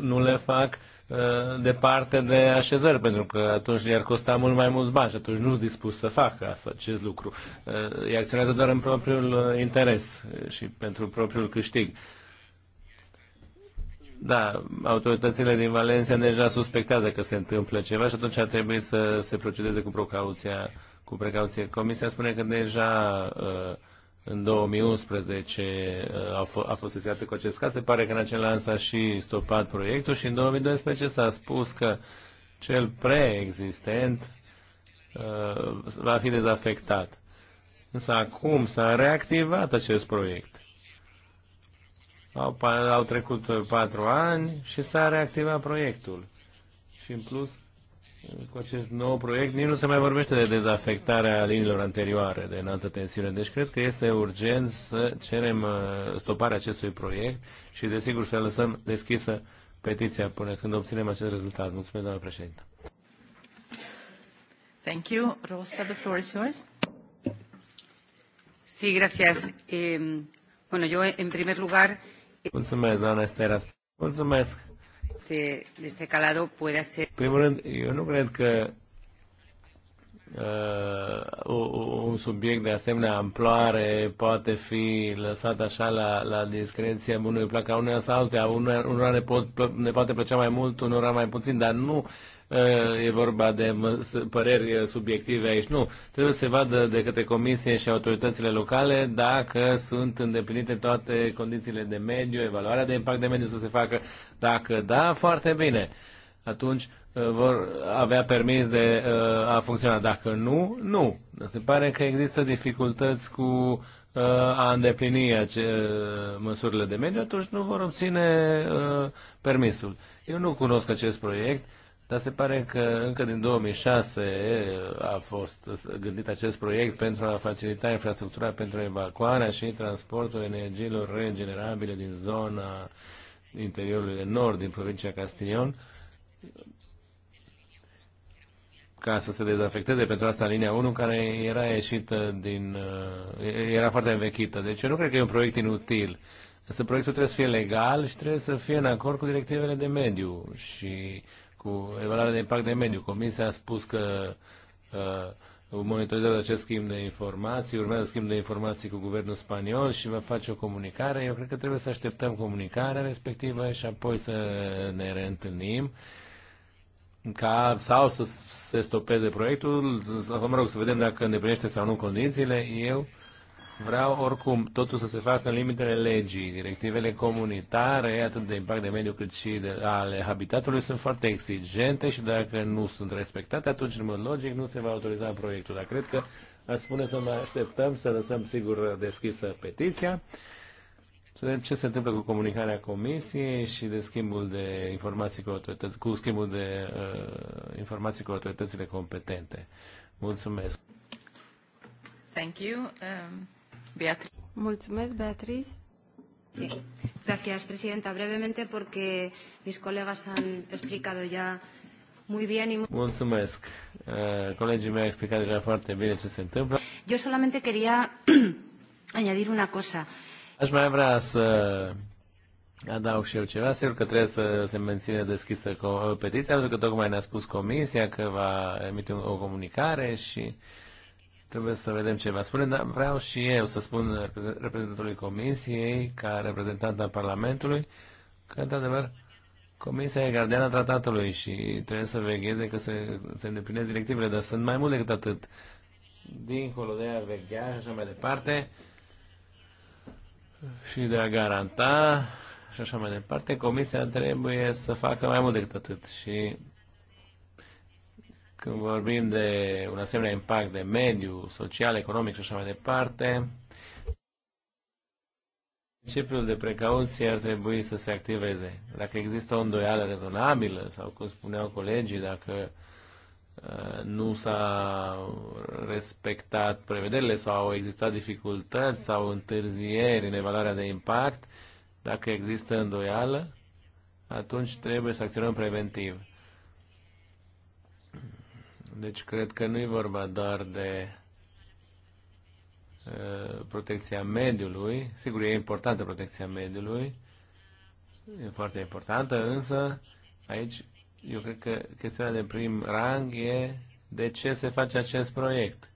nu le fac uh, departe de așezări, pentru că atunci le-ar costa mult mai mulți bani și atunci nu sunt dispus să facă asta, acest lucru. Uh, e acționează doar în propriul uh, interes și pentru propriul câștig. Da, autoritățile din Valencia deja suspectează că se întâmplă ceva și atunci ar trebui să se procedeze cu precauția cu precauție. Comisia spune că deja uh, în 2011 uh, a, fost sesizată cu acest caz. Se pare că în acel an s-a și stopat proiectul și în 2012 s-a spus că cel preexistent uh, va fi dezafectat. Însă acum s-a reactivat acest proiect. Au, au trecut patru ani și s-a reactivat proiectul. Și în plus cu acest nou proiect nici nu se mai vorbește de dezafectarea liniilor anterioare de înaltă tensiune. Deci cred că este urgent să cerem uh, stoparea acestui proiect și desigur să lăsăm deschisă petiția până când obținem acest rezultat. Mulțumesc, doamnă președintă. Thank you. Rosa, the floor is yours. Sí, gracias. Eh, bueno, yo en primer lugar... Eh, Mulțumesc, doamna Esteras. Mulțumesc este, de este calado ser... Primul rând, eu nu cred că uh, un subiect de asemenea amploare poate fi lăsat așa la, la discreția unui placa unei sau alte, unora ne, pot, ne poate plăcea mai mult, unora mai puțin, dar nu Eh, e vorba de păreri subiective aici. Nu, trebuie să se vadă de către comisie și autoritățile locale dacă sunt îndeplinite toate condițiile de mediu, evaluarea de impact de mediu să se facă. Dacă da, foarte bine. Atunci eh, vor avea permis de eh, a funcționa. Dacă nu, nu. Se pare că există dificultăți cu a îndeplini ace- măsurile de mediu, atunci nu vor obține permisul. Eu nu cunosc acest proiect dar se pare că încă din 2006 a fost gândit acest proiect pentru a facilita infrastructura pentru evacuarea și transportul energiilor regenerabile din zona interiorului de nord din provincia Castillon ca să se dezafecteze pentru asta linia 1 care era ieșită din uh, era foarte învechită. Deci eu nu cred că e un proiect inutil. Însă proiectul trebuie să fie legal și trebuie să fie în acord cu directivele de mediu și cu evaluarea de impact de mediu. Comisia a spus că uh, monitorizează acest schimb de informații, urmează schimb de informații cu guvernul spaniol și va face o comunicare. Eu cred că trebuie să așteptăm comunicarea respectivă și apoi să ne reîntâlnim ca sau să se stopeze proiectul, sau mă rog, să vedem dacă îndeplinește sau nu condițiile. Eu Vreau oricum totul să se facă în limitele legii. Directivele comunitare, atât de impact de mediu cât și de, ale habitatului, sunt foarte exigente și dacă nu sunt respectate, atunci, în mod logic, nu se va autoriza proiectul. Dar cred că aș spune să mai așteptăm, să lăsăm sigur deschisă petiția, să vedem ce se întâmplă cu comunicarea comisiei și de schimbul de informații cu, autorități, cu schimbul de uh, informații cu autoritățile competente. Mulțumesc! Thank you. Um... Beatriz. Mulțumesc, Beatriz. Sí. Gracias, presidenta. Brevemente, porque mis colegas han explicado ya muy bien y Mulțumesc. Uh, colegii mei au explicat deja foarte bine ce se întâmplă. Yo solamente quería [CLEARS THROAT] añadir una cosa. Aș mai vrea să adaug și eu ceva. Sigur că trebuie să se menține deschisă petiția, pentru că tocmai ne-a spus comisia că va emite o comunicare și uh, Trebuie să vedem ce va spune, dar vreau și eu să spun reprezentantului Comisiei, ca reprezentant al Parlamentului, că, într-adevăr, Comisia e gardiana tratatului și trebuie să vegheze că se, se îndeplinesc directivele, dar sunt mai mult decât atât. Dincolo de a veghea și așa mai departe, și de a garanta și așa mai departe, Comisia trebuie să facă mai mult decât atât. Și când vorbim de un asemenea impact de mediu, social, economic și așa mai departe, principiul de precauție ar trebui să se activeze. Dacă există o îndoială rezonabilă, sau cum spuneau colegii, dacă uh, nu s-a respectat prevederile sau au existat dificultăți sau întârzieri în evaluarea de impact, dacă există îndoială, atunci trebuie să acționăm preventiv. Deci cred că nu e vorba doar de protecția mediului. Sigur, e importantă protecția mediului, e foarte importantă, însă aici eu cred că chestiunea de prim rang e de ce se face acest proiect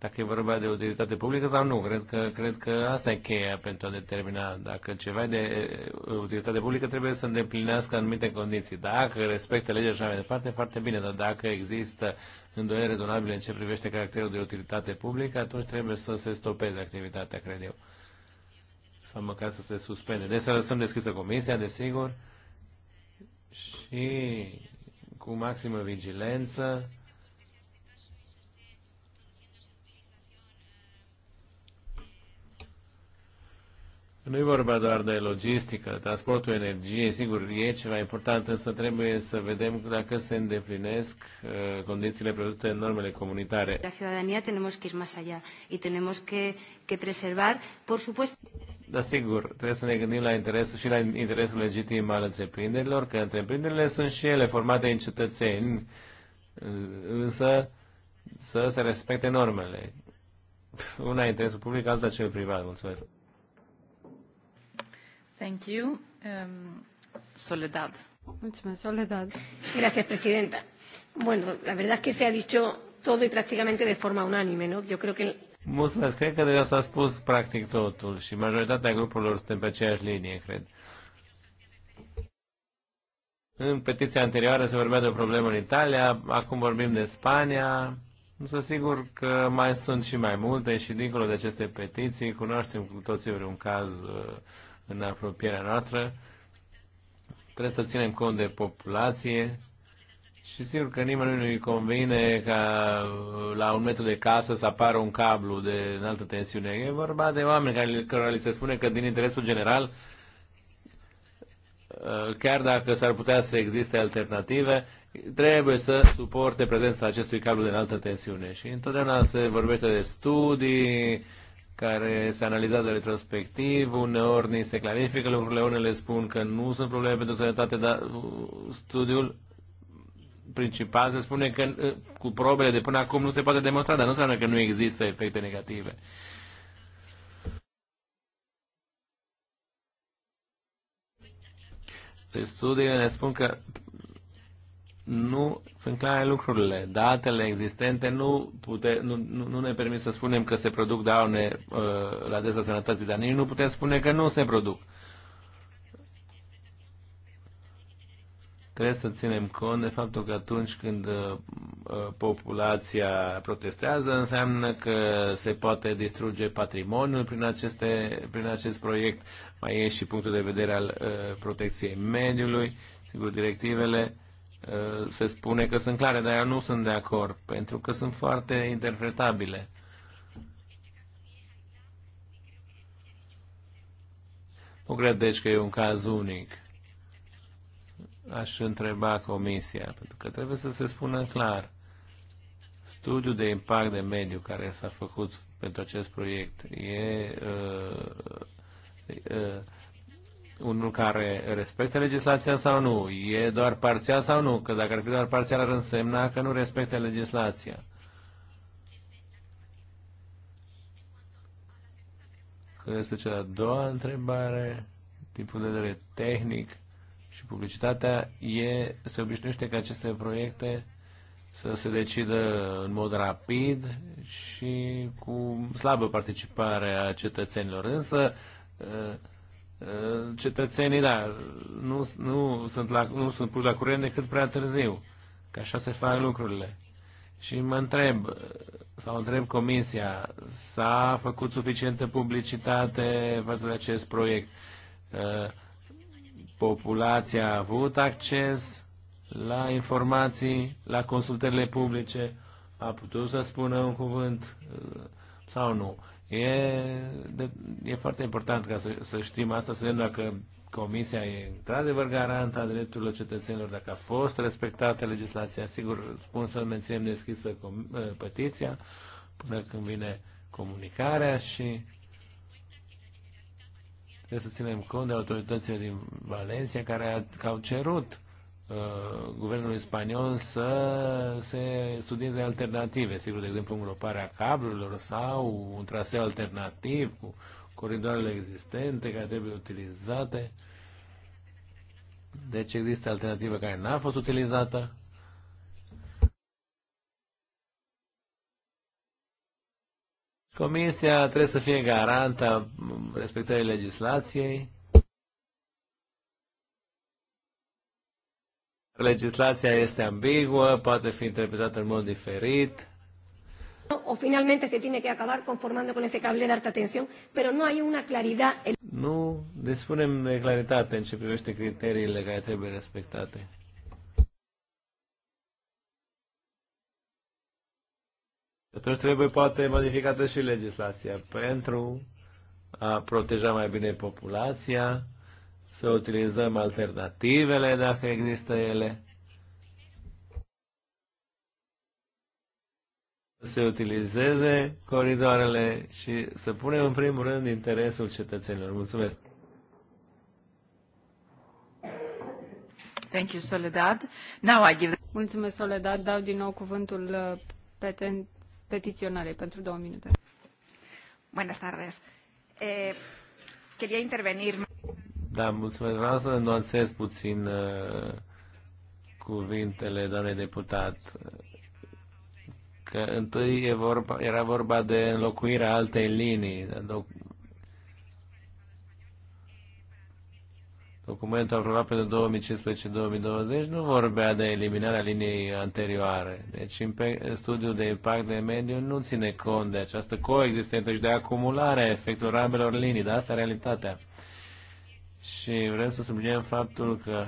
dacă e vorba de utilitate publică sau nu. Cred că, cred că asta e cheia pentru a determina dacă ceva de utilitate publică trebuie să îndeplinească anumite condiții. Dacă respectă legea și mai departe, foarte bine, dar dacă există îndoieli rezonabile în ce privește caracterul de utilitate publică, atunci trebuie să se stopeze activitatea, cred eu. Sau măcar să se suspende. Deci să lăsăm deschisă comisia, desigur, și cu maximă vigilență Nu e vorba doar de logistică, transportul energiei, sigur, e ceva important, însă trebuie să vedem dacă se îndeplinesc uh, condițiile prevăzute în normele comunitare. La ciudadania tenemos que ir más allá y tenemos que, que preservar, por supuesto... Dar sigur, trebuie să ne gândim la interesul și la interesul legitim al întreprinderilor, că întreprinderile sunt și ele formate în cetățeni, însă să se respecte normele. Una interesul public, alta cel privat. Mulțumesc. Um, señora Presidenta. Bueno, la verdad es que se ha dicho todo y prácticamente de forma unánime, ¿no? Yo creo que... Mulțumesc, cred că deja s-a spus practic totul și majoritatea grupurilor suntem pe aceeași linie, cred. În petiția anterioară se vorbea de o problemă în Italia, acum vorbim de Spania, însă sigur că mai sunt și mai multe și dincolo de aceste petiții cunoaștem cu toții un caz uh, în apropierea noastră. Trebuie să ținem cont de populație și sigur că nimănui nu-i convine ca uh, la un metru de casă să apară un cablu de înaltă tensiune. E vorba de oameni care, care li se spune că din interesul general uh, chiar dacă s-ar putea să existe alternative, trebuie să suporte prezența acestui cablu de înaltă tensiune. Și întotdeauna se vorbește de studii, care se analizează retrospectiv, uneori ni se clarifică lucrurile, unele spun că nu sunt probleme pentru sănătate, dar uh, studiul principal se spune că uh, cu probele de până acum nu se poate demonstra, dar nu înseamnă că nu există efecte negative. Deci studiile ne spun că nu sunt clare lucrurile. Datele existente nu, pute, nu, nu, nu ne permit să spunem că se produc daune uh, la adresa sănătății, dar nici nu putem spune că nu se produc. Trebuie să ținem cont de faptul că atunci când uh, uh populația protestează, înseamnă că se poate distruge patrimoniul prin, aceste, prin acest proiect. Mai e și punctul de vedere al uh, protecției mediului, sigur, directivele Eh, se spune că sunt clare, dar eu nu sunt de acord, pentru că sunt foarte interpretabile. Nu cred deci că e un caz unic. Aș întreba comisia, pentru că trebuie să se spună clar. Studiul de impact de mediu care s-a făcut pentru acest proiect e uh, uh, unul care respectă legislația sau nu, e doar parțial sau nu, că dacă ar fi doar parțial ar însemna că nu respectă legislația. Că despre cea de-a doua întrebare, din punct de vedere tehnic și publicitatea, e, se obișnuiește că aceste proiecte să se decidă în mod rapid și cu slabă participare a cetățenilor. Însă, Eh, cetățenii, da, nu, nu, sunt la, nu sunt puși la curent decât prea târziu, că așa se fac lucrurile. Și mă întreb, eh, sau întreb Comisia, s-a făcut suficientă publicitate față de acest proiect? Eh, populația a avut acces la informații, la consultările publice? A putut să spună un cuvânt sau nu? E, de, e foarte important ca să, să știm asta, să vedem dacă Comisia e într-adevăr garanta drepturilor cetățenilor, dacă a fost respectată legislația. Sigur, spun să menținem deschisă ă, petiția până când vine comunicarea și trebuie să ținem cont de autoritățile din Valencia care, a, au cerut Uh, guvernului spaniol să se studieze alternative, sigur, de exemplu, îngroparea cablurilor sau un traseu alternativ cu coridoarele existente care trebuie utilizate. Deci există alternativă care n-a fost utilizată. Comisia trebuie să fie garanta respectării legislației legislația este ambiguă, poate fi interpretată în mod diferit. O finalmente se tiene que acabar conformando con ese cable de alta tensión, pero no hay una claridad. Nu dispunem de claritate în ce privește criteriile care trebuie respectate. Atunci trebuie poate modificată și legislația pentru a proteja mai bine populația, să utilizăm alternativele dacă există ele, se utilizeze coridoarele și să punem în primul rând interesul cetățenilor. Mulțumesc! Thank you, Soledad. Now I give... Mulțumesc, Soledad. Dau din nou cuvântul uh, peten... petiționarei pentru două minute. Buenas tardes. Eh, quería intervenir. Da, mulțumesc. Vreau să nuanțez puțin uh, cuvintele doamnei deputat. Că întâi e vorba, era vorba de înlocuirea altei linii. Doc, documentul aprobat pentru 2015-2020 nu vorbea de eliminarea liniei anterioare. Deci studiul de impact de mediu nu ține cont de această coexistență și de acumulare a efectelor ambelor linii, dar asta e realitatea. Și vreau să subliniem faptul că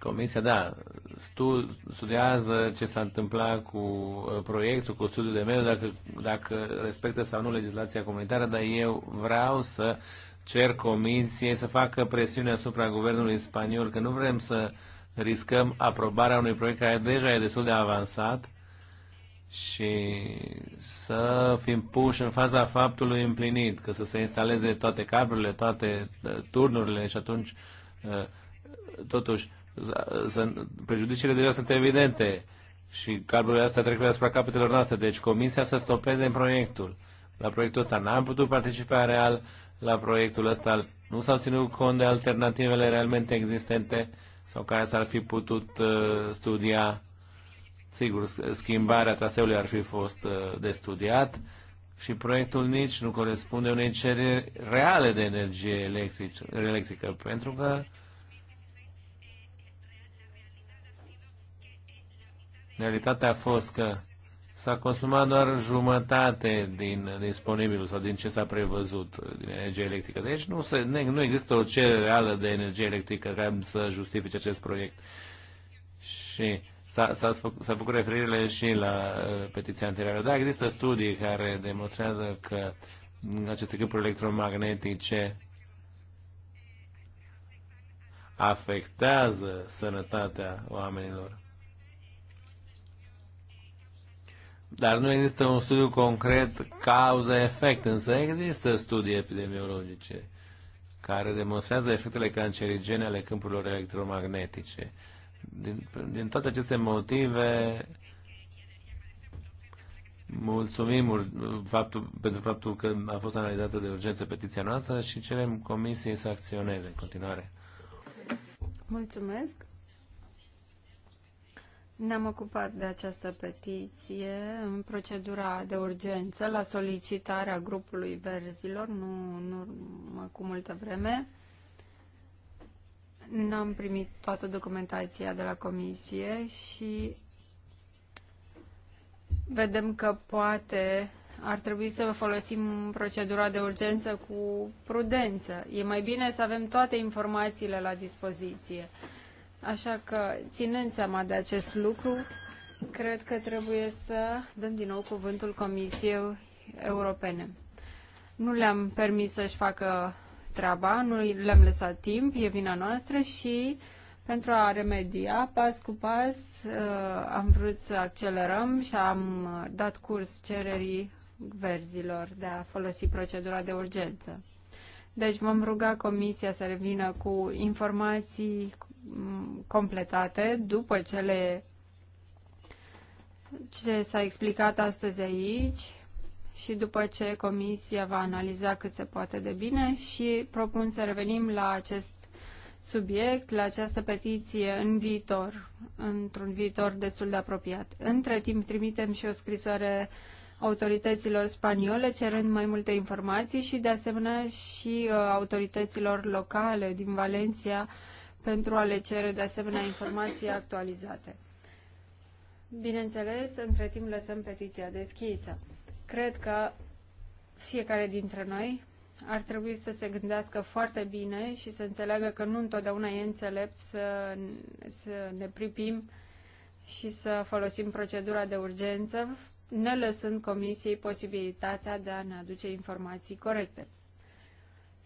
Comisia, da, stu, studiază ce s-a întâmplat cu uh, proiectul, cu studiul de mediu, dacă, dacă respectă sau nu legislația comunitară, dar eu vreau să cer Comisiei să facă presiune asupra guvernului spaniol, că nu vrem să riscăm aprobarea unui proiect care deja e destul de avansat și să fim puși în faza faptului împlinit, că să se instaleze toate cablurile, toate ă, turnurile și atunci ă, totuși prejudiciile deja sunt evidente și cablurile astea trec pe asupra capetelor noastre, deci comisia să stopeze în proiectul. La proiectul ăsta n-am putut participa real, la proiectul ăsta nu s-au ținut cont de alternativele realmente existente sau care s-ar fi putut ă, studia Sigur, schimbarea traseului ar fi fost uh, de studiat și proiectul nici nu corespunde unei cereri reale de energie electrică, electrică pentru că realitatea a fost că s-a consumat doar jumătate din disponibilul sau din ce s-a prevăzut uh, din energie electrică. Deci nu, se, nu există o cerere reală de energie electrică care să justifice acest proiect. Și S-a făcut referire și la uh, petiția anterioară. Da, există studii care demonstrează că aceste câmpuri electromagnetice afectează sănătatea oamenilor. Dar nu există un studiu concret cauză-efect, însă există studii epidemiologice care demonstrează efectele cancerigene ale câmpurilor electromagnetice. Uh, din, din toate aceste motive, mulțumim faptul, pentru faptul că a fost analizată de urgență petiția noastră și cerem comisiei să acționeze în continuare. Mulțumesc. Ne-am ocupat de această petiție în procedura de urgență la solicitarea grupului verzilor, nu, nu cu multă vreme. N-am primit toată documentația de la comisie și vedem că poate ar trebui să folosim procedura de urgență cu prudență. E mai bine să avem toate informațiile la dispoziție. Așa că, ținând seama de acest lucru, cred că trebuie să dăm din nou cuvântul Comisiei Europene. Nu le-am permis să-și facă treaba, nu le-am lăsat timp, e vina noastră și pentru a remedia, pas cu pas, uh, am vrut să accelerăm și am dat curs cererii verzilor de a folosi procedura de urgență. Deci vom ruga Comisia să revină cu informații completate după cele ce s-a explicat astăzi aici și după ce comisia va analiza cât se poate de bine și propun să revenim la acest subiect, la această petiție în viitor, într-un viitor destul de apropiat. Între timp trimitem și o scrisoare autorităților spaniole cerând mai multe informații și de asemenea și uh, autorităților locale din Valencia pentru a le cere de asemenea informații actualizate. Bineînțeles, între timp lăsăm petiția deschisă cred că fiecare dintre noi ar trebui să se gândească foarte bine și să înțeleagă că nu întotdeauna e înțelept să, să ne pripim și să folosim procedura de urgență, ne lăsând Comisiei posibilitatea de a ne aduce informații corecte.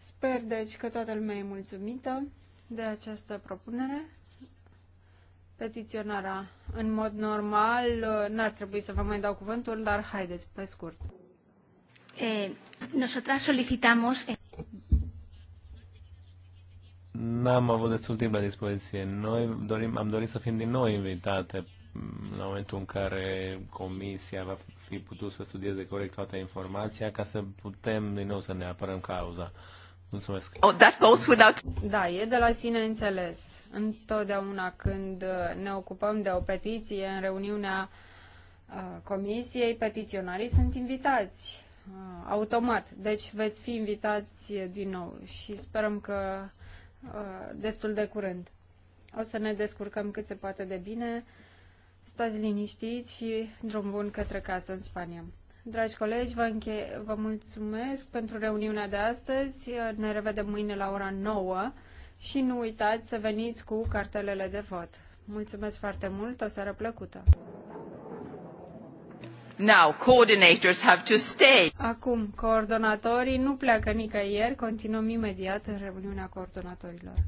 Sper deci că toată lumea e mulțumită de această propunere petiționara. În mod normal, uh, n-ar trebui să vă mai dau cuvântul, dar haideți, pe scurt. Eh, nosotras solicitamos... N-am avut destul timp la dispoziție. Noi dorim, am dorit să fim din nou invitate la momentul în care comisia va fi putut să studieze corect toată informația ca să putem din nou să ne apărăm cauza. Uh, Mulțumesc. Oh, that goes without... Da, e de la sine înțeles. Întotdeauna când ne ocupăm de o petiție în reuniunea uh, comisiei, petiționarii sunt invitați uh, automat. Deci veți fi invitați din nou și sperăm că uh, destul de curând. O să ne descurcăm cât se poate de bine. Stați liniștiți și drum bun către casă în Spania. Dragi colegi, vă, înche- vă mulțumesc pentru reuniunea de astăzi. Ne revedem mâine la ora 9 și nu uitați să veniți cu cartelele de vot. Mulțumesc foarte mult, o seară plăcută! Now, coordinators have to stay. Acum, coordonatorii nu pleacă nicăieri, continuăm imediat în reuniunea coordonatorilor.